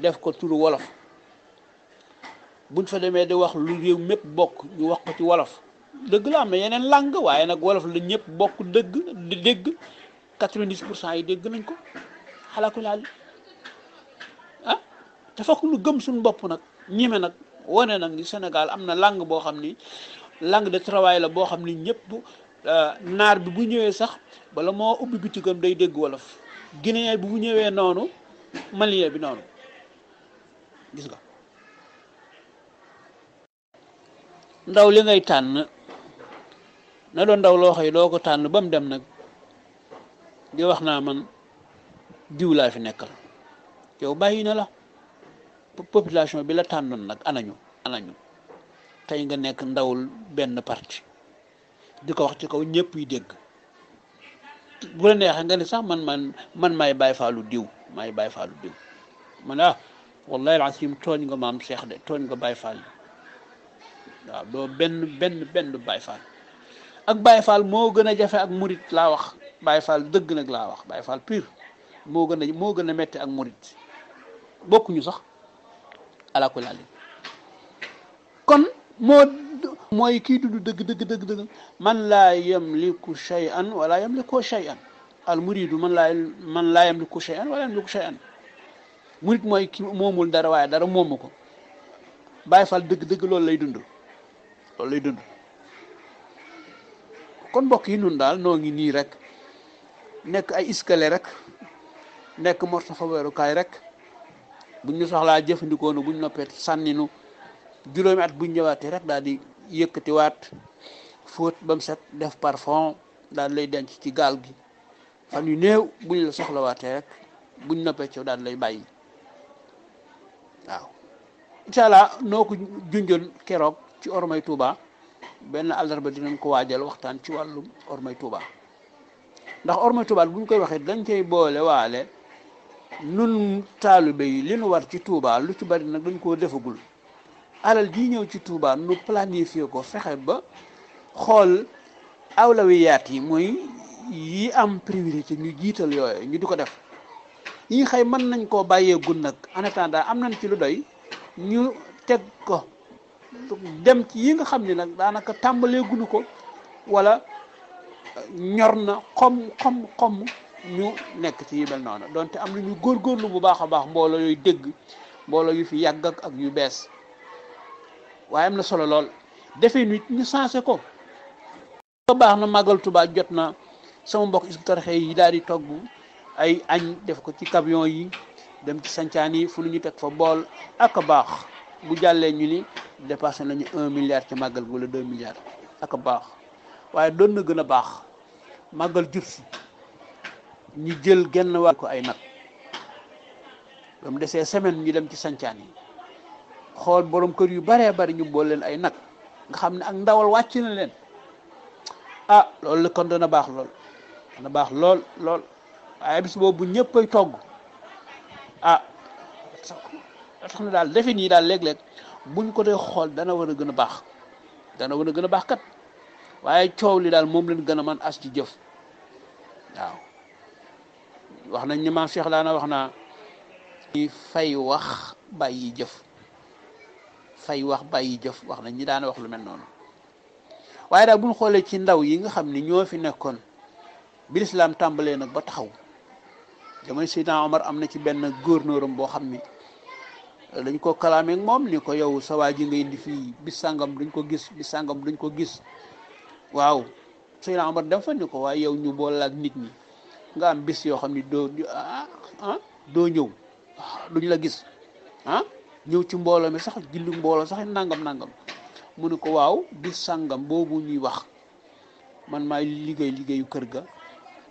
def ko turu wolof buñ fa demee di wax lu réew mépp bokk ñu wax ko ci wolof dëgg la am na yeneen langue waaye nag wolof la ñëpp bokk dëgg di dégg quatre-vingt-dix pour cent yi dégg nañ ko xalaaku laal ah dafa lu gëm suñu bopp nag ñeme nag wane nag ni Sénégal am na lang boo xam ni lang de travail la boo xam ni ñëpp euh, naar bi bu ñëwee sax bala moo ubbi bitigam day dégg wolof guinéen bi bu ñëwee noonu malien bi noonu gis nga ndaw li ngay tànn na doon ndaw loo xëy doo ko tànn ba mu dem nag di wax naa man diw laa fi nekkal yow bàyyi na la population bi la tànnoon nag anañu anañu tey nga nekk ndawul benn parti di ko wax ci kaw ñëpp yi dégg bu la neexee nga ne sax man man man maay bàyyi faalu diw maay bàyyi faalu diw man ah wallahi alazim tooñ nga maam Cheikh de tooñ nga bàyyi faal waaw doo benn benn benn bàyyi faal ak bàyyi faal moo gën a jafe ak murit laa wax baay faal dëgg nag laa wax bàyyi faal pire moo gën a moo gën a metti ak murit bokkuñu sax ala kulli haalin kon moo mooy kii dund dëgg dëgg dëgg man laa yamliku shay'an wala yamliku shay'an al muridu man laa man laa yem shay'an wala yamliku shay'an murid mooy ki moomul dara waaye dara moomu ko Baay Faal dëgg dëgg loolu lay dund loolu dund kon mbokk yi nun daal noo ngi nii rek nekk ay iskale rek nekk morta fa weerukaay rek buñ ñu soxlaa jëfandikoo nu buñ noppee sànni nu juróomi at buñ ñëwaatee rek daal di yëkkatiwaat fóot bam set def parfum daal lay denc ci gaal gi fan yu néew buñ la soxlawaatee rek buñ noppee ci daal lay bàyyi waaw incha allah noo ko junjoon keroog ci ormay Touba benn àllarba dinañ ko waajal waxtaan ci wàllum ormay Touba ndax ormay Touba buñ koy waxee dañ koy boole waale. nun taalibe yi li nu war ci Touba lu ci bari nag dañ koo defagul alal di ñëw ci Touba nu planifier ko fexe ba xool awlawiyaat yi mooy yi am priorité ñu jiital yooyu ñu di ko def yi xëy mën nañ koo bàyyee gun nag en attendant am nañ ci lu doy ñu teg ko dem ci yi nga xam ni nag daanaka tàmbalee gunu ko wala ñor na xom xom xom ñu nekk ci yu mel noonu donte am ñu góor góorgóorlu bu baax a baax mbooloo yooyu dégg mbooloo yu fi yàggak ak yu bees waaye am na solo lool defee nit ñu sensé ko ko baax na màggal Tuubaa jot na sama mbokk isbu taraxe yi daal di togg ay añ def ko ci camion yi dem ci sancaan yi fu ñu teg fa bool ak baax bu jàllee ñu ni dépassé nañu un milliard ci màggal walla deux milliards ak a baax waaye doon na gën a baax màggal jub si ñu jël genn wàll ko ay nag ba mu desee semaine ñu dem ci sancaan yi xool boroom kër yu baree bari ñu bool leen ay nag nga xam ne ak ndawal wàcc na leen ah loolu kon dana baax lool dana baax lool lool waaye bis boobu ñëpp ay togg ah tax na daal defin yi daal léeg-léeg buñ ko dee xool dana war a gën a baax dana war a gën a baax kat waaye coow li daal moom leen gën a man as ci jëf waaw wax nañ ni maam Cheikh wax naa ñi fay wax bàyyi jëf fay wax bàyyi jëf wax nañ ñi daana wax lu mel noonu waaye daal bu xoolee ci ndaw yi nga xam ni ñoo fi nekkoon bilislam tàmbalee nag ba taxaw jamono Seydina Omar am na ci benn gouverneuram boo xam ni dañ ko kalaamee moom ni ko yow sa waa nga indi fii bis sàngam duñ ko gis bis sàngam duñ ko gis waaw Seydina Omar dem fa ni ko waaye yow ñu boole ak nit ñi nga am bis yo xamni ni doo ah, ah doo ñëw ah, duñ la gis ah ñew ci mbolo mi sax julli mbolo sax nangam nangam mu ne ko waw bis sangam bobu ñuy wax man maay liggey ligai kër ga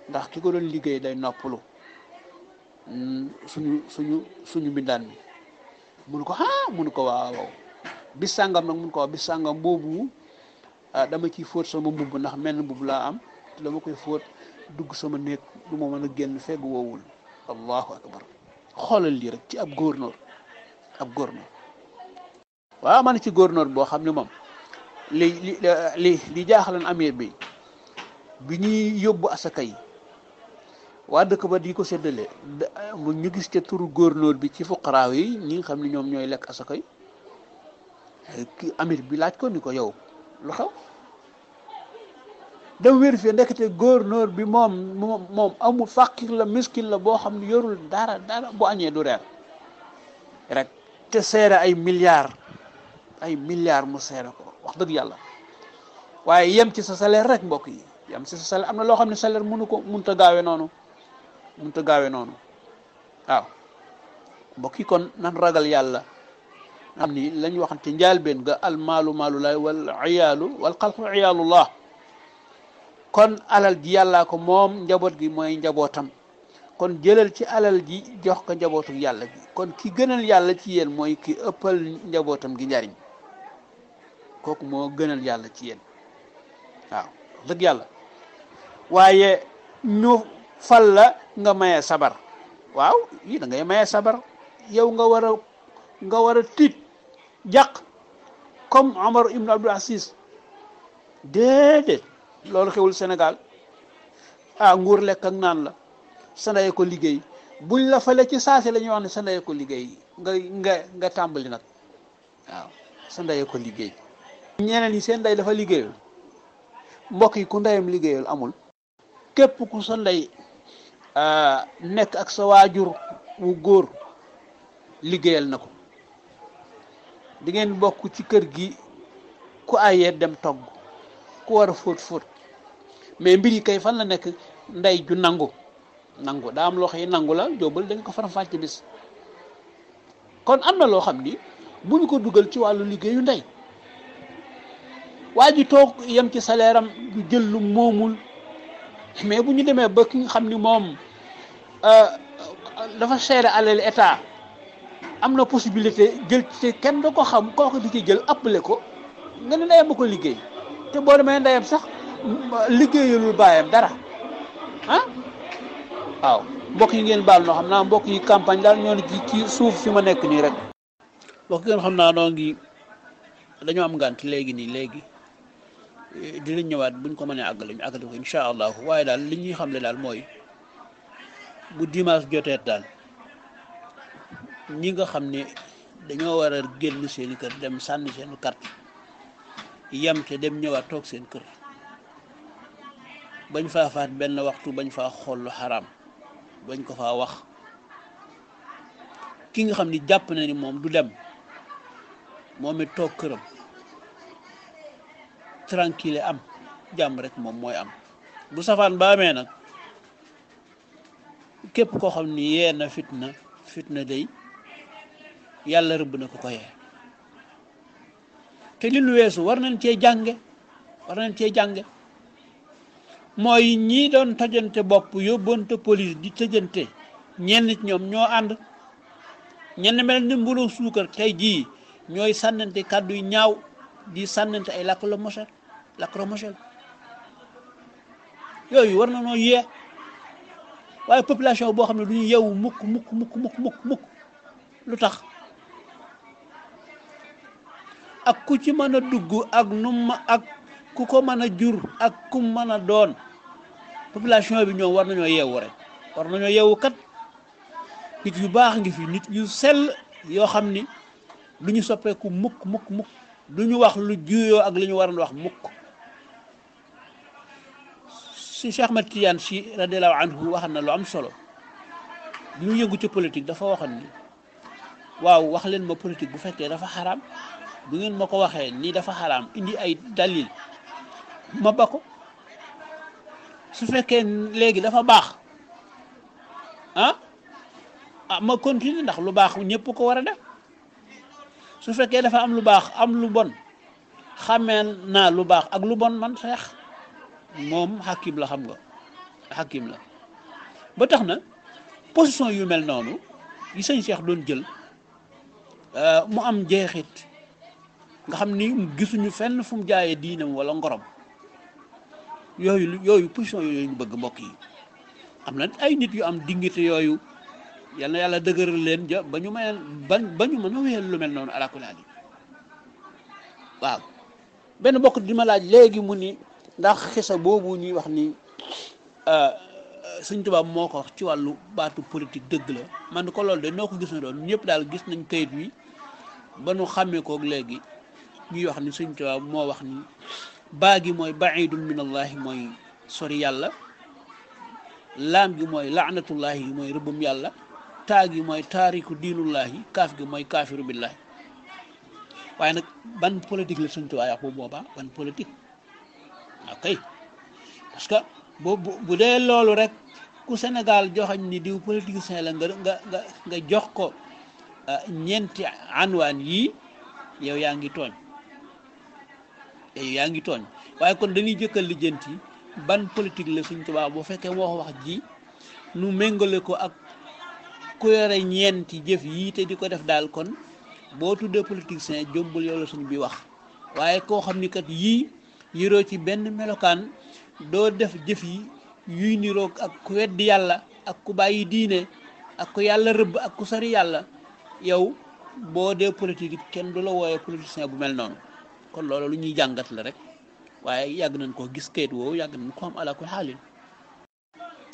ndax kiko doon liggey day sunyu mm, suñu suñu suñu bindan mi mu ne ko ha ah, mu ne ko waw bi sangam nak mu ne ko bi sangam bobu dama ci foot sama mbub ndax mbub la am dama koy foot dugg sama néeg du ma mën a génn fegg woowul allahu akbar xoolal lii rek ci ab gouverneur ab gouverneur waaw man ci gouverneur boo xam ne moom li li li li amir bi bi ñuy yóbbu asaka yi waa dëkk ba di ko séddale mu ñu gis ca turu gouverneur bi ci fuqaraaw yi ñi nga xam ni ñoom ñooy lekk asaka yi amir bi laaj ko ni ko yow lu xew dama vérifié ndekete gouverneur bi moom moom amul fàqir la miskin la boo xam ne yorul dara dara bu añee du reer rek te seere ay milliards ay milliards mu seere ko wax dëgg yàlla waaye yem ci sa salaire rek mbokk yi yem ci sa salaire am na loo xam ne salaire mënu ko mënta gaawe noonu mënta gaawe noonu waaw yi kon nan ragal yàlla am ni lañ waxante njaal been ga almaalu maalu laay wal iyaalu wal xalqu iyaalu llah kon alal ji yàllaa ko moom njaboot gi mooy njabootam kon jëlal ci alal ji jox ko njabootu yàlla kon ki gënal yàlla ci yéen mooy ki ëppal njabootam gi njariñ kooku moo gënal yàlla ci yéen waaw dëgg yàlla waaye ñu fal la nga maye sabar waaw yi da ngay maye sabar yow nga war a nga war a tiit jàq comme Omar ibn Abdul Aziz déedéet loolu xewul Sénégal ah nguur lekk ak naan la sa ndey ko liggéey buñ la fale ci saasi la wax ne sa ndey ko liggéey nga nga nga tàmbali nag sa ndey ko liggéey. ñeneen yi seen ndey dafa liggéeyul mbokk yi ku ndeyam liggéeyul amul képp ku sa nday nekk ak sa waajur wu góor liggéeyal na ko di ngeen bokk ci kër gi ku ayee dem togg ku war a fóot fóot mais mbir yi kay fan la nekk ndey ju nangu nangu daa am loxo yi nangu la jóobal dañ ko faram fàcce bis kon am na loo xam ni bu ñu ko dugal ci wàllu liggéeyu ndey waa ji toog yem ci saleeram am du jël lu moomul mais bu ñu demee ba ki nga xam ni moom euh, dafa seere alal état am na possibilité jël ci kenn da ko xam kooku di ci jël appelé ko nga ne ndeyam bu ko liggéey te boo demee ndeyam sax. liggéeyalul baayam dara ah waaw mbokk yi ngeen baal noo xam naa mbokk yi campagne daal ñoo ci ci suuf fi ma nekk nii rek mbokk ngeen xam naa noo ngi dañoo am ngànt léegi nii léegi di dinañ ñëwaat buñ ko mënee àggale ñu àggale ko incha allah waaye daal li ñuy xamle daal mooy bu dimanche jotee daal ñi nga xam ne dañoo war a génn seen kër dem sànni seen carte yam te dem ñëwaat toog seen kër bañ faa faat benn waxtu bañ fa xool xaraam bañ ko fa wax ki nga xam ni jàpp na ni moom du dem moom it toog këram tranquille am jàmb rek moom mooy am bu safaan ba amee nag képp koo xam ni yee na fitna fitna day yàlla rëbb na ko koye yee te lu weesu war nañ cee jànge war nañ cee jànge mooy ñii doon tojante bopp yóbbante police di tëjante ñenn ñoom ñoo ànd ñenn mel ni mbuloo suukar tey jii ñooy sànnante kàddu yu ñaaw di sànnante ay lacrymogène lacrymogène yooyu war na noo yee waaye population boo xam ne du ñu yeewu mukk mukk muk mukk mukk mukk lu tax ak ku ci mën a dugg ak nu ak ku ko mën a jur ak kum mën a doon population bi ñoom war nañoo yeewu rek war nañoo yeewu kat nit yu baax ngi fi nit yu sell yoo xam ni du ñu soppeeku mukk mukk mukk lu ñu wax lu juyoo ak li ñu waroon wax mukk si Cheikh Ahmad Tidiane si radiallahu anhu waxan na lu am solo bi ñu yëngu ci politique dafa waxoon ni waaw wax leen ma politique bu fekkee dafa xaram bu ngeen ma ko waxee nii dafa xaraam indi ay dalil ma ba su fekkee léegi dafa baax ah ah ma continue ndax lu baax ñëpp ko war a def su fekkee dafa am lu baax am lu bon xamee naa lu baax ak lu bon man seex moom xakim la xam nga xakim la ba tax na position yu mel noonu yi sëñ seex doon jël euh, mu am njeexit nga xam ni gisuñu fenn fu mu jaayee diinam wala ngorom yooyu yooyu position yooyu ñu bëgg mbokk yi am na ay nit yu am dignité yooyu yal na yàlla dëgëral leen ja ba ñu mën ba ñu mën lu mel noonu alakulaali waaw benn mbokk di ma laaj léegi mu ni ndax xisa boobu ñuy wax ni euh, euh, Sëñ Tuubaa moo ko wax ci wàllu baatu politique dëgg la man ko loolu de noo ko gis na doon ñëpp daal gis nañ kayit wi ba nu xàmmee koog léegi ñuy wax ni Sëñ Tuubaa moo wax ni Bagi gi mooy baidun min allahi mooy sori yàlla laam gi mooy laanatullahi mooy rëbbum yàlla taa gi mooy taariku diinullahi kaaf gi mooy kaafiru billahi waaye nag ban politique la suñ tuwaay bu boobaa ban politique ok parce que bu bu dee loolu rek ku Sénégal joxañ ni diw politique sen la nga nga nga nga jox ko euh, ñeenti anwaan yii yow yaa ngi yaa ngi tooñ waaye kon dañuy jëkk a lijjanti ban politique la Sëñ Tuubaa bu fekkee wax wax ji nu méngoole ko ak ku yore ñeenti jëf yii te di ko def daal kon boo tuddee politicien jombul yow la suñ bi wax waaye koo xam ni kat yii yëroo ci benn melokaan doo def jëf yi yuy niroog ak ku weddi yàlla ak ku bàyyi diine ak ku yàlla rëbb ak ku sari yàlla yow boo dee politique kenn du la wooyee politicien bu mel noonu kon loolu lu ñuy jàngat rek waaye yàgg nañ koo gis kayit woowu yàgg nañ ko am ala ko xaalin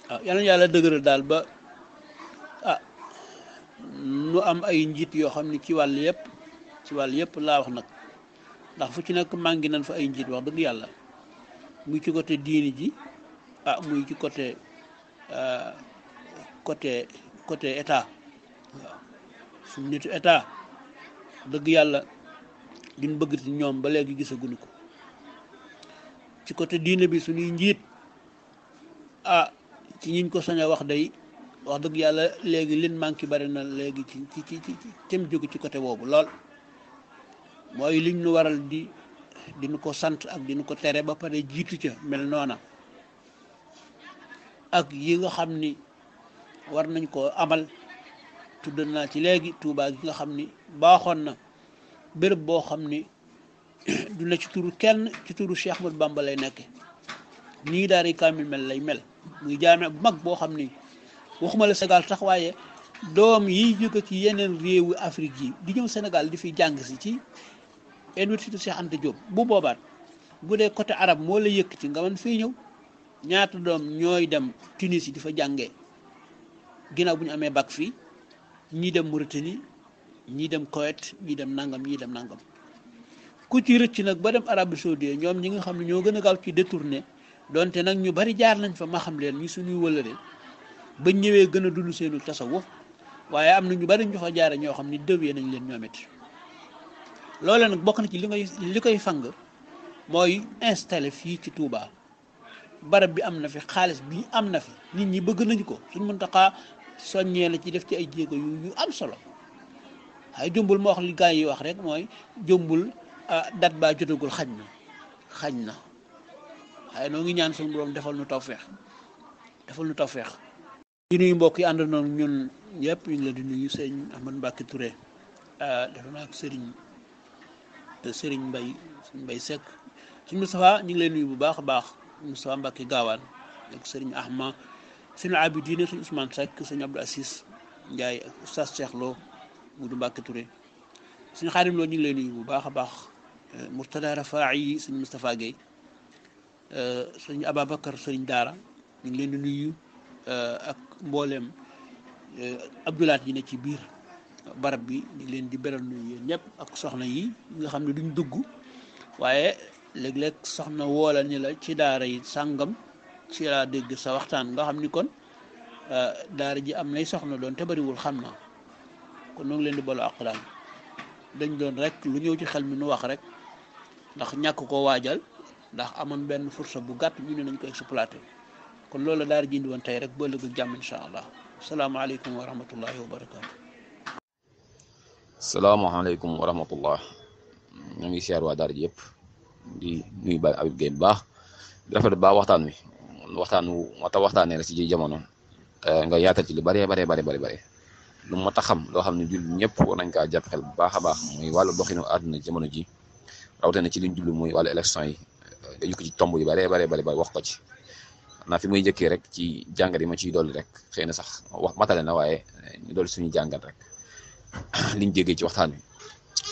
waaw yal na yàlla dëgëral daal ba ah nu am ay njiit yoo xam ne ci wàll yépp ci wàll yëpp laa wax nag ndax fu ci nekk mangi nañ fa ay njiit wax dëgg yàlla muy ci côté diini ji mu ah, muy ci côté ah, côté côté état waaw état dëgg yàlla liñ bëgg ci ñoom ba léegi gisaguñu ko ci côté diine bi suñuy njiit ah ci ñiñ ko sañ wax day wax dëgg yàlla léegi liñ manqué bari na léegi ci ci ci ci tem côté boobu lool mooy liñ nu waral di din ko sant ak diñu ko tere ba pare jiitu ca mel noona ak yi nga xam ni war nañ ko amal tudd naa ci léegi Tuubaa gi nga xam ni baaxoon na bërëb boo xam ni duna ci turu kenn ci turu Cheikh Ahmad Bamba lay nekk nii daari kaamil mel lay mel muy jaame bu mag boo xam ni waxuma la Sénégal sax waaye doom yi jóge ci yeneen réewu Afrique yi di ñëw senegal di fi jàng si ci université Cheikh Anta Diop bu boobaat bu dee côté arab moo yëkk ci nga man fii ñëw ñaata doom ñooy dem Tunisie yi fa jànge ginaaw bu ñu amee bac fii ñii dem murate Mauritanie ñii dem Koweït ñii dem nangam ñii dem nangam ku ci rëcc nag ba dem Arabie Saoudite ñoom ñi nga xam ne ñoo gën a gaaw ci détourné donte nag ñu bari jaar nañ fa ma xam leen ñu suñuy wëlëre ba ñëwee gën a dund seenu tasawuf waaye am na ñu bari ñu jaare ñoo xam ni déwee nañ leen ñoom it loole nag bokk na ci li koy li fang mooy installé fii ci tuubaa barab bi am na fi xaalis bi am na fi nit ñi bëgg nañ ko suñ Muntaxa soññee la ci def ci ay jéego yu yu am solo ay jumbul mo wax li gaay yi wax rek mooy jumbul ah, dat ba jotagul xañ na xañ na waaye noo ngi ñaan suñu borom defal nu tawfeex defal nu tawfeex di nuyu mbokk yi ànd na ñun ñëpp ñu ngi la di nuyu sëñ Ahmad Mbacke Touré ah, dafa naa ak sëriñ sëriñ mbay sëriñ mbay sekk sëñ mustapha ñu ngi lay nuyu bu baax baax mustapha Mbacke Gaawaan ak sëriñ Ahma sëñ Abidine sëñ Ousmane Seck sëñ Abdou Assis Ndiaye ak Oustaz Cheikh Lo Mudu Mbàkke Touré suñu xaarim loo ñu ngi lay nuyu bu baax a baax euh, Murtada Rafaa'i yi suñu Moustapha Guèye euh, suñu Ababacar suñu Daara ñu ngi leen di nuyu euh, ak mbooleem Abdoulaat yi ne ci biir barab bi ñu leen di beral nuyu yéen ñëpp ak soxna yi nga xam ne duñ dugg waaye léeg-léeg soxna woola ni la ci daara yi sàngam ci laa dégg sa waxtaan nga xam ni kon daara ji am nay soxna doon te bariwul xam naa kon noo ngi leen di dañ doon rek lu ñëw ci xel mi nu wax rek ndax ñàkk koo waajal ndax amoon benn fursa bu gàtt ñu ne nañ ko exploiter kon loolu daal di indi woon tey rek ba ëllëg ak jàmm incha allah salaamaaleykum wa rahmatullahi wa barakaatu.
salaamaaleykum wa rahmatullah ñu ngi siyaar waa daal ji yëpp di nuyu ba Habib Gueye bu baax di rafet bu waxtaan wi waxtaan wu mata waxtaanee la ci jamono eh, nga yaatal ci lu bare bare bare bare bare lu mata xam lo xamni jul jullit ñëpp war nañ ka jàpp xel bu baaxa baax muy walu doxino aduna jamono ji na ci liñ jublu muy walu election yi eh, dañu ko ci tombu yu bare bare bare bare wax ko ci na fi muy jëkke rek ci jangal yi ma ci dolli rek xeyna sax wax matale na waye eh, ñu dolli suñu jangal rek [COUGHS] liñ jëgé ci waxtaan wi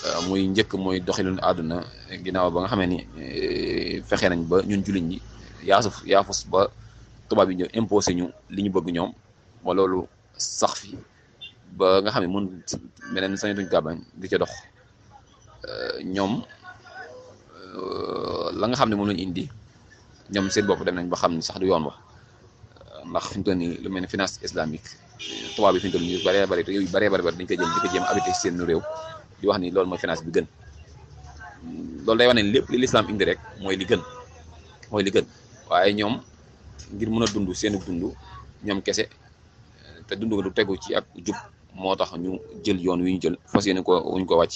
eh, muy ñëk muy doxilun aduna ginaaw ba nga xamé ni fexé nañ ba ñun binyo ñi yaasuf yaafus ba tuba bi ñu imposé ñu liñu bëgg ñom lolu sax fi ba nga xam ne menen sañu duñ ka bañ di ci dox euh, ñom euh, la nga xam ne moom indi ñom seen bop dem nañ ba xamni sax du yoon wax euh, ndax fi tan ni lu melni finance islamique tubaab bi fi tan ni nii bari bare réew yu bari bari bare dañ koy jëm di ko jëm habité seen réew di wax ni lool moy finance bi gën lool day wane lepp li l'islam indi rek moy li gën moy li gën waye ñom ngir mëna dundu dund seen dund ñoom kese te dund du téggu ci ak jup moo tax ñu jël yoon wi ñu jël fas yéene ko wuñ ko wàcc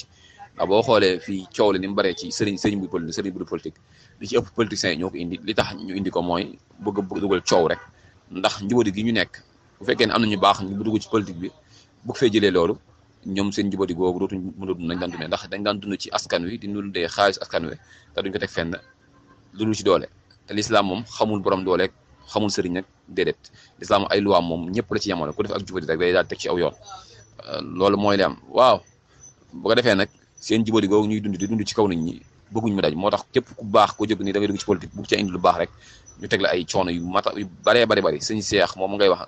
ndax boo xoolee fii coow la ni mu baree ci sëriñ sëriñ bu poli sëriñ bu politique li ci ëpp politiciens yi ñoo ko indi li tax ñu indi ko mooy bëgg bëgg dugal rek ndax njubadi gi ñu nekk bu fekkee ne am nañu baax ñu dugg ci politique bi bu fee jëlee loolu ñoom seen njubadi googu dootuñ mën a dund nañ daan dundee ndax dañ daan dund ci askan wi di dundee xaalis askan wi te duñ ko teg fenn lu dul ci doole te lislaam moom xamul borom doole xamul sëriñ nag déedéet lislaam ay luwaam moom ñëpp la ci yemale ku def ak jubadi rek day daal teg ci aw yoon loolu mooy li waaw bu ko defee nag seen jubadi googu ñuy dund di dund ci kaw nit ñi bëgguñ mu daj moo tax képp ku baax ko jóg ni dangay dugg ci politique bu ci indi lu baax rek ñu teg la ay coono yu mata yu baree bari bari sëñ Seex moom ngay wax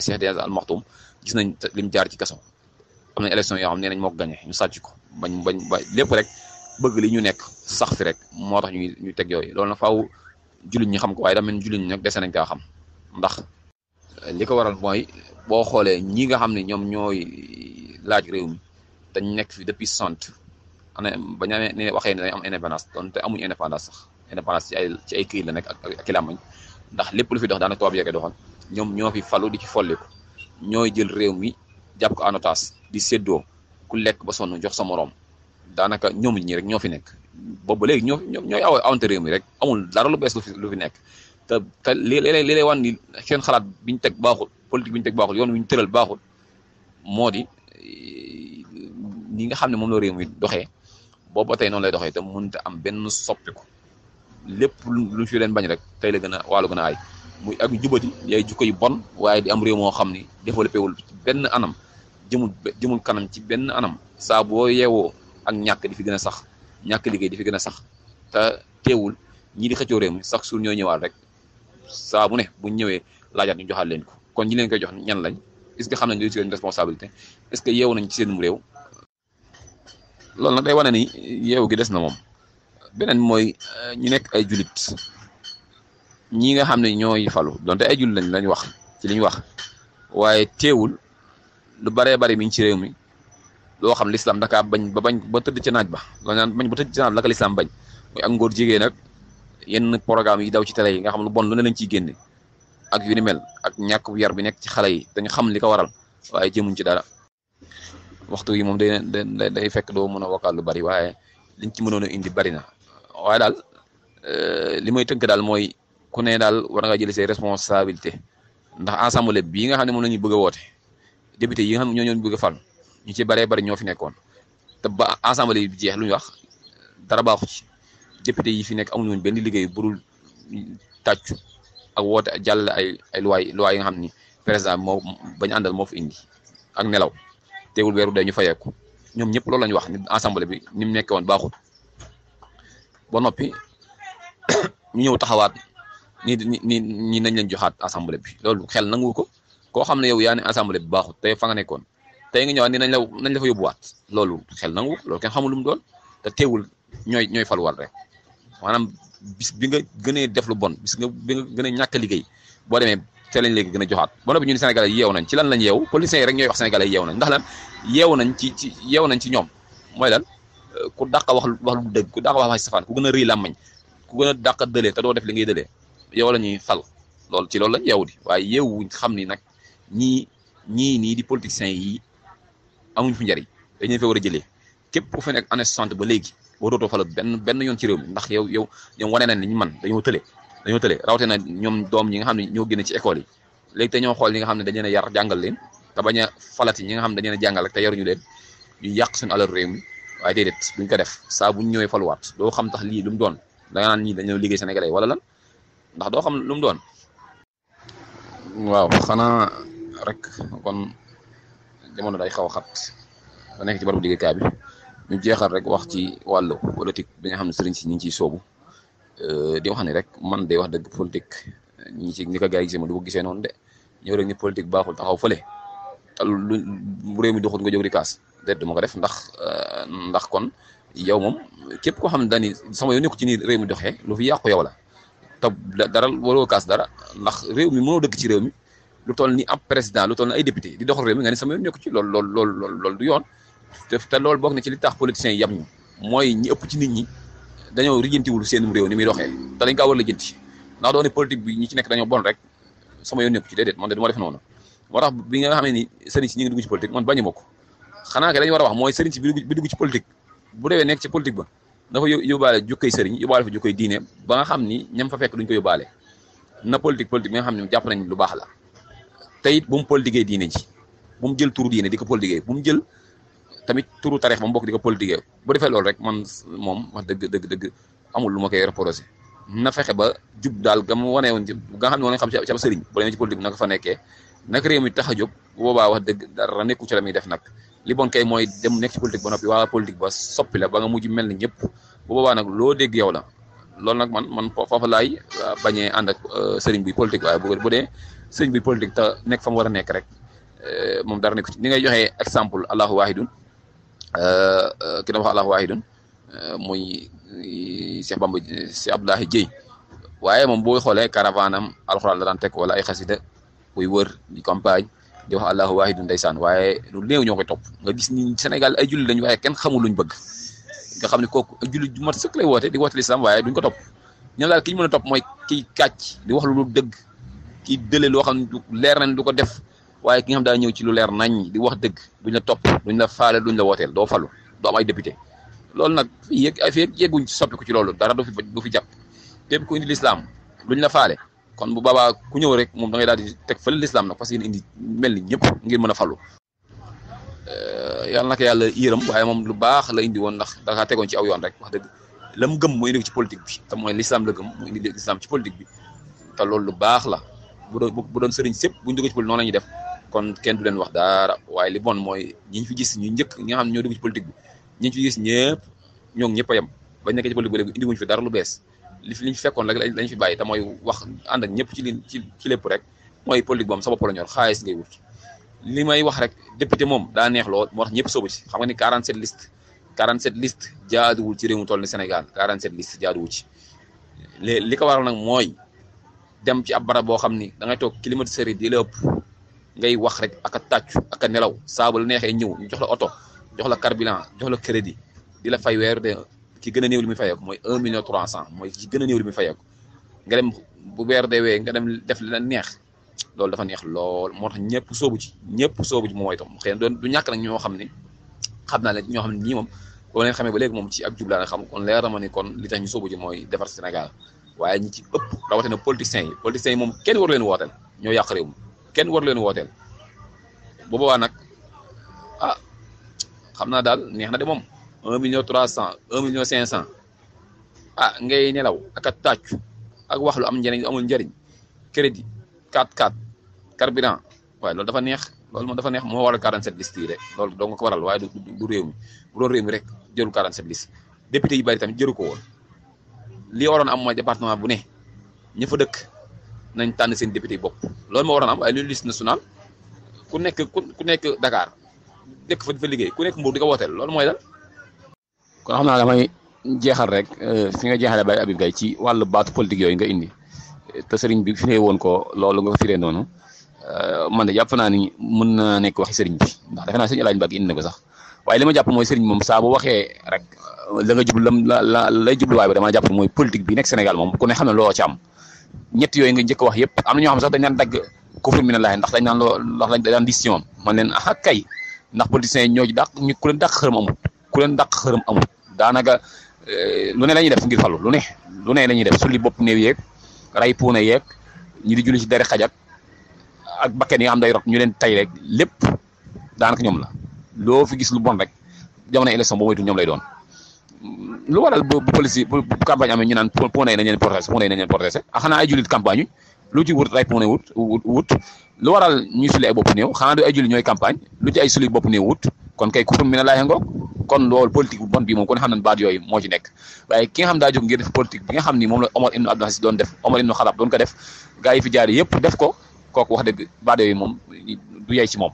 Seex eh, des Al Maxtum gis nañ lim jaar ci kaso am nañ élection yoo xam ne nañ moo ko ñu sàcc ko bañ bañ ba lépp rek bëgg li ñu nekk sax rek moo tax ñuy ñu teg yooyu loolu na faaw jullit ñi xam ko waaye daa mel ni dese nañ kaa xam ndax eh, li ko waral mooy boo xoolee ñi nga xam ne ñoom ñooy laaj réew mi dañ nekk fi depuis cent année ba ñu amee ne waxee ne dañ am indépendance donte amuñu indépendance sax indépendance ci ay ci la nekk ak ak kilamañ ndax lépp lu fi dox daanaka tubaab yeggee doxal ñoom ñoo fi falu di ci folliku ñooy jël réew mi jàpp ko en di séddoo ku lekk ba sonn jox sa moroom daanaka ñoom ñi rek ñoo fi nekk boobu ba léegi ñoo ñooy awante réew mi rek amul dara lu bees lu fi nekk. te te li li lay wan ni seen xalaat bi ñu teg baaxul politique bi ñu teg baaxul yoon wi ñu tëral baaxul moo di eh, ni nga xam ne moom la réew mi doxee boobu ba tey noonu lay doxee te mënut am benn soppiku lépp lu fi leen bañ rek tey la gën a waalu gën a aay muy ak jubati yaay jukko yu bon waaye di am réew moo xam ni développé wul ci benn anam jëmul jëmul kanam ci benn anam saa boo yeewoo ak ñàkk di fi gën a sax ñàkk liggéey di fi gën a sax te teewul ñii di xëccoo réew mi ñoo ñëwaat rek saa bu ne bu ñëwee laajaat ñu joxaat leen ko kon ñi leen koy jox ñan lañ est-ce que xam nañ lu ci leen responsabilité est-ce que yeewu nañ ci seenum réew loolu nag day wane ni yeewu gi des na moom beneen mooy euh, ñu nekk ay julit ñi nga xam ne ñooy falu donte ay julit lañ lañ wax ci liñ wax waaye teewul lu baree bari mi ngi ci réew mi loo xam l'islam dakaa bañ ba bañ ba tëdd ca naaj ba loo naan bañ ba tëdd ca naaj la ka l'islam bañ muy ak ngóor jigéen nag yenn programme yi daw ci télé yi nga xam lu bon lu ne lañ ciy génne ak yu ni mel ak ñàkk bu yar bi nekk ci xale yi dañu xam li ko waral waaye jëmuñ ci dara waxtu yi moom day day fekk doo mën a wokkaal lu bari waaye liñ ci mënoon indi bari na waaye daal euh, li may tënk daal mooy ku ne daal war nga jël ses responsabilité ndax ensemble bi nga xam ne moom la ñu bëgg woote député yi nga xam ne ñoo ñoo bëgg a fal ñu ci baree bari ñoo fi nekkoon te ba ensemble bi jeex lu wax dara baaxu ci. député yi fi nekk amuñu woon benn liggéey burul tàccu a woote jàll ay ay loi yi nga xam ni président moo bañu àndal moo indi ak nelaw tewul weeru day ñu fayeeku ñoom ñëpp loolu lañu wax ni assemblée bi ni mu nekkee woon ba noppi [COUGHS] ñu ñëw taxawaat ni ni ñi nañ leen joxaat assemblée bi loolu xel nangu ko koo xam ne yow yaa ne assemblée bi baaxut tey fa nga nekkoon tey nga ñëwaat nañ la nañ la fa yóbbuwaat loolu xel nangu loolu kenn xamul lu mu doon teewul ñooy ñooy faluwaat rek maanaam bis bi nga gënee def lu bon bis nga bi nga gën a ñàkk liggéey boo demee te lañ léegi gën a joxaat bona bi ñu ne sénégalais yeew nañ ci lan lañ yeew politiciens yi rek ñooy wax sénégalais yeew nañ ndax lan yeew nañ ci ci yeew nañ ci ñoom mooy lan euh, ku dàq wax wax lu dëgg ku dàq wax wax safaan ku gën a rëy làmmañ ku gën a dàq dëlee te doo def li ngay dëlee yow la ñuy fal loolu ci loolu la yeew di waaye yeewuñ xam ni nag ñii ñii nii di politiciens yi amuñ fu njariñ dañu leen fa war a jëlee képp ku fi nekk année soixante ba léegi boo dootoo fala benn benn yoon ci réew mi ndax yow yow ñoom wane nañ ni ñu man dañoo tële dañoo tële rawate na ñoom doom ñi nga xam ne ñoo génne ci école yi léegi te ñoo xool ñi nga xam ne dañu leen a yar jàngal a falati ñi nga xam ne dañu leen a jàngal rek te yaruñu leen ñu yàq suñu alal réew mi waaye déedéet buñ ko def saa buñ ñëwee faluwaat doo xam tax lii lu mu doon da nga naan ñii dañoo liggéey sénégalais wala lan ndax doo xam lu mu doon waaw xanaa rek kon jamono day xaw a xat da nekk ci barabu liggéeykaay bi ñu jéxal rek wax ci walu politique bi nga xam sëriñ si ñi ci sobu euh di wax ni rek man day wax dëgg politique ñi ci ni ko gaay gisé gisee ma du gisé non dé de ñëw rek ni politique baaxul taxaw fële te lu réew mi doxut nga jog di kaas déet dama ko def ndax euh, ndax kon yow mom képp ko xam dañi sama yow nekku ci ni réew mi doxé lu fi yàqu yow la ta dara waro kaas dara ndax réew mi mo dëgg ci réew mi lu toll ni ab président lu toll ni ay député di doxal réew mi nga ni sama yoon nekku ci lool lool lool lool lool du yoon te te loolu bokk na ci li tax politiciens yam ñu mooy ñi ëpp ci nit ñi dañoo lijjantiwul seenum réew ni muy doxee te dañ kaa war a lijjanti ndax doone politique bi ñi ci nekk dañoo bon rek sama yoon nekk ci déedéet man de du ma noonu moo bi nga xam ne ni sëriñ si ñu ngi dugg ci politique man bañu ma ko xanaa kay dañu war a wax mooy sëriñ si bi dugg ci politique bu dewee nekk ci politique ba dafa yóbbaale jukkay sëriñ yóbbaale fa jukkay diine ba nga xam ni ñam fa fekk duñ baax la te it bu mu politiquee diine ji bu mu jël turu diine di ko politiquee bu mu jël tamit tour tarix ba mu bokk di ko politiqué loolu rek man moom wax dëgg dëgg dëgg amul lu ma koy reproché na fexe ba jub daal ga mu wanee woon ci nga xam ne moom xam ci ab sëriñ bu demee ci politique bi fa nekkee naka réew tax a jóg boobaa wax dëgg dara nekku ci la muy def nag li bon kay mooy dem nekk ci politique ba noppi waa politique ba soppi la ba nga mujj mel ni ñëpp bu boobaa nag loo dégg yow la loolu nag man man foofa laay euh, bañee ànd ak euh, sëriñ buy politique waaye bu bu dee sëriñ buy politique te nekk fa mu war a nekk rek euh, moom dara nekk ci ni ngay joxee exemple allahu waahidun ki dama wax allahu waahidun eh, muy eh, Cheikh Bamba Cheikh Abdoulahi moom boo xoolee caravane am alxuraan la daan teg wala ay xasida kuy wër di campagne di wax allahu waahidun ndeysaan waaye lu néew ñoo koy topp nga gis ni Sénégal ay julli lañu waaye kenn xamul luñ bëgg nga xam ne kooku ay julli ju mat sëkk lay woote di woote lislaam waaye duñ ko topp ñun daal ki ñu mën a topp mooy kiy kàcc di wax lu dëgg kiy dële loo xam ne leer nañ du ko def waaye ki nga xam daa ñëw ci lu leer nañ di wax dëgg duñ la topp duñ la faale duñ la wooteel doo falu doo am ay député loolu nag fii yëg fii ci soppiku ci loolu dara du fi du fi jàpp képp ku indi lislaam duñ la faale kon bu boobaa ku ñëw rek moom da ngay daal di teg fële lislaam nag parce que indi mel ni ñëpp ngir mën a falu euh, yàlla naka yàlla yërëm waaye moom lu baax la indi woon ndax dangaa tegoon ci aw yoon rek wax dëgg la mu gëm mu indi ko ci politique bi te mooy lislaam la gëm mu indi lislaam ci politique bi te loolu lu baax la bu doon bu doon sëriñ sépp buñ dugg ci politique noonu la ñuy def kon kenn du leen wax dara waaye li bon mooy ñi ñu fi gis ñu njëkk nga xam ne ñoo dugg ci politique bi ñi fi gis ñëpp ñoo ngi ñëpp a yem bañ nekk ci politique bi léegi indi fi dara lu bees fi liñ fi fekkoon rek lañ fi bàyyi te mooy wax ànd ak ñëpp ci li ci ci lépp rek mooy politique boom sa bopp la ñor xaalis ngay wut li may wax rek député moom daa neex lool moo wax ñëpp soobu ci xam nga ni 47 liste 47 liste jaaduwul ci réew mu toll ni Sénégal 47 liste jaaduwul ci li li ko waral nag mooy dem ci ab barab boo xam ni da toog climatiseur yi di la ëpp ngay wax rek ak a tàccu ak a nelaw bu la neexee ñëw ñu jox la oto jox la carburant jox la crédit di la fay weer de ki gën a néew li muy fayeeku mooy un million trois cent mooy ki gën a néew li muy fayeeku nga dem bu weer deewee nga dem def la neex loolu dafa neex lool moo tax ñëpp soobu ci ñëpp soobu ci moom mooy tam xëy na du ñàkk nag ñoo xam ne xam naa ne ñoo xam ne ñii moom boo leen xamee ba léegi moom ci ab na xam kon leer na ma ni kon li tax ñu soobu ci mooy defar Sénégal waaye ñi ci ëpp rawatina politiciens yi politiciens yi moom kenn waru leen wooteel ñoo yàq réew mi ken war leen wotel bu boobaa nak ah xamna dal neexna de mom 1 million 300 1 million 500 ah ngay nelaw ak a ak wax lu am njëriñ amul njëriñ crédit 4 4 carburant way lolou dafa neex lolou mo dafa neex mo waral 47 liste yi de lolou do nga ko waral way du du mi bu do réew mi rek jëru 47 liste député yi bari tam jëru ko won li waron am mooy département bu ne ña fa dëkk nañ tànn seen député yi bopp loolu moo waroon am waaye lu liste nationale ku nekk ku nekk Dakar dëkk fa fa liggéey ku nekk Mbour di ko loolu mooy la kon xam naa damay jeexal rek euh, fi nga jeexalee Baye Habib Gaye ci wàllu baatu politique yooyu nga indi te sëriñ bi firee woon ko loolu nga firee noonu euh, man de jàpp naa ni mën naa nekk waxi sëriñ bi ndax defe naa sëriñ Alaaji Mbàkke indi na ko sax waaye li ma jàpp mooy sëriñ moom saa bu waxee rek la nga jublu la la lay jubluwaay bi damaa jàpp mooy politique bi nekk Sénégal moom ku ne xam ne loo ci am. ñett yooyu nga njëkk wax yëpp am na ñoo xam sax dañ daan dagg kufur minallaahi ndax dañ daan loo ndax dañ daan dis ci moom man leen ah kay ndax politiciens yi ñoo ci dàq ñu ku leen dàq xërëm amul ku leen dàq xërëm amul daanaka eh, lu ne la def ngir falu lu ne lu ne la ñuy def sulli bopp néew yeeg ray puuna yeeg ñi di julli ci dere xajak ak bakken yi nga xam day rot ñu leen tay rek lépp daanaka ñoom la loo fi gis lu bon rek jamono élection boo moytu ñoom lay doon lu waral bu police bu campagne amee ñu naan poney nañ leen protesté poney nañ leen protesté ah xanaa ay jullit campagne ñu lu ci wut ay poney wut wut lu waral ñuy suli ay bopp néew xanaa du ay jullit ñooy campagne lu ci ay suli bopp néew wut kon kay kutum mi na laay ngoog kon loolu politique bu bon bi moom kon xam nañ baat yooyu moo ci nekk waaye ki nga xam daa jóg ngir def politique bi nga xam ni moom la Omar Ibn Abdul Aziz doon def Omar Ibn Khattab doon ko def gaa yi fi jaar yëpp def ko kooku wax dëgg baat yooyu moom du yey ci moom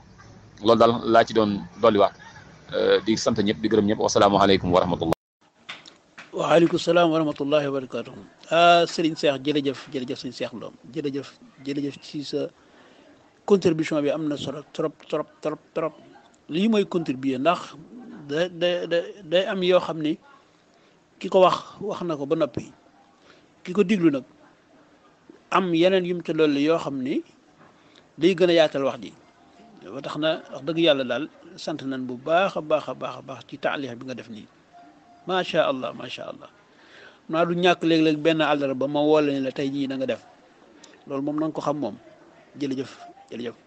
loolu daal laa ci doon dolliwaat euh, di sant ñëpp di gërëm ñëpp wasalaamaaleykum wa rahmatullah
وعليكم السلام ورحمة الله وبركاته آه سرين سيخ جلجف جلجف سرين سيخ لوم جلجف جلجف تيسا كونتربيشن بي أمنا سرى ترب ترب ترب ترب لي موي كونتربيه ناخ دا دا دا أم يو خمني كيكو واخ واخ ناكو بنابي كيكو ديغلو ناك أم ينن يمتلو لي يو خمني لي غنى ياتل واحدي وتخنا دغ يالا دال سانت نان بو باخ باخ باخ باخ تي تعليح بيغا ديف macha allah macha allah naa du ñàkk léeg-léeg benn àllarba ma woo la ne la tey jii na nga def loolu moom nanga ko xam moom jërëjëf jërëjëf.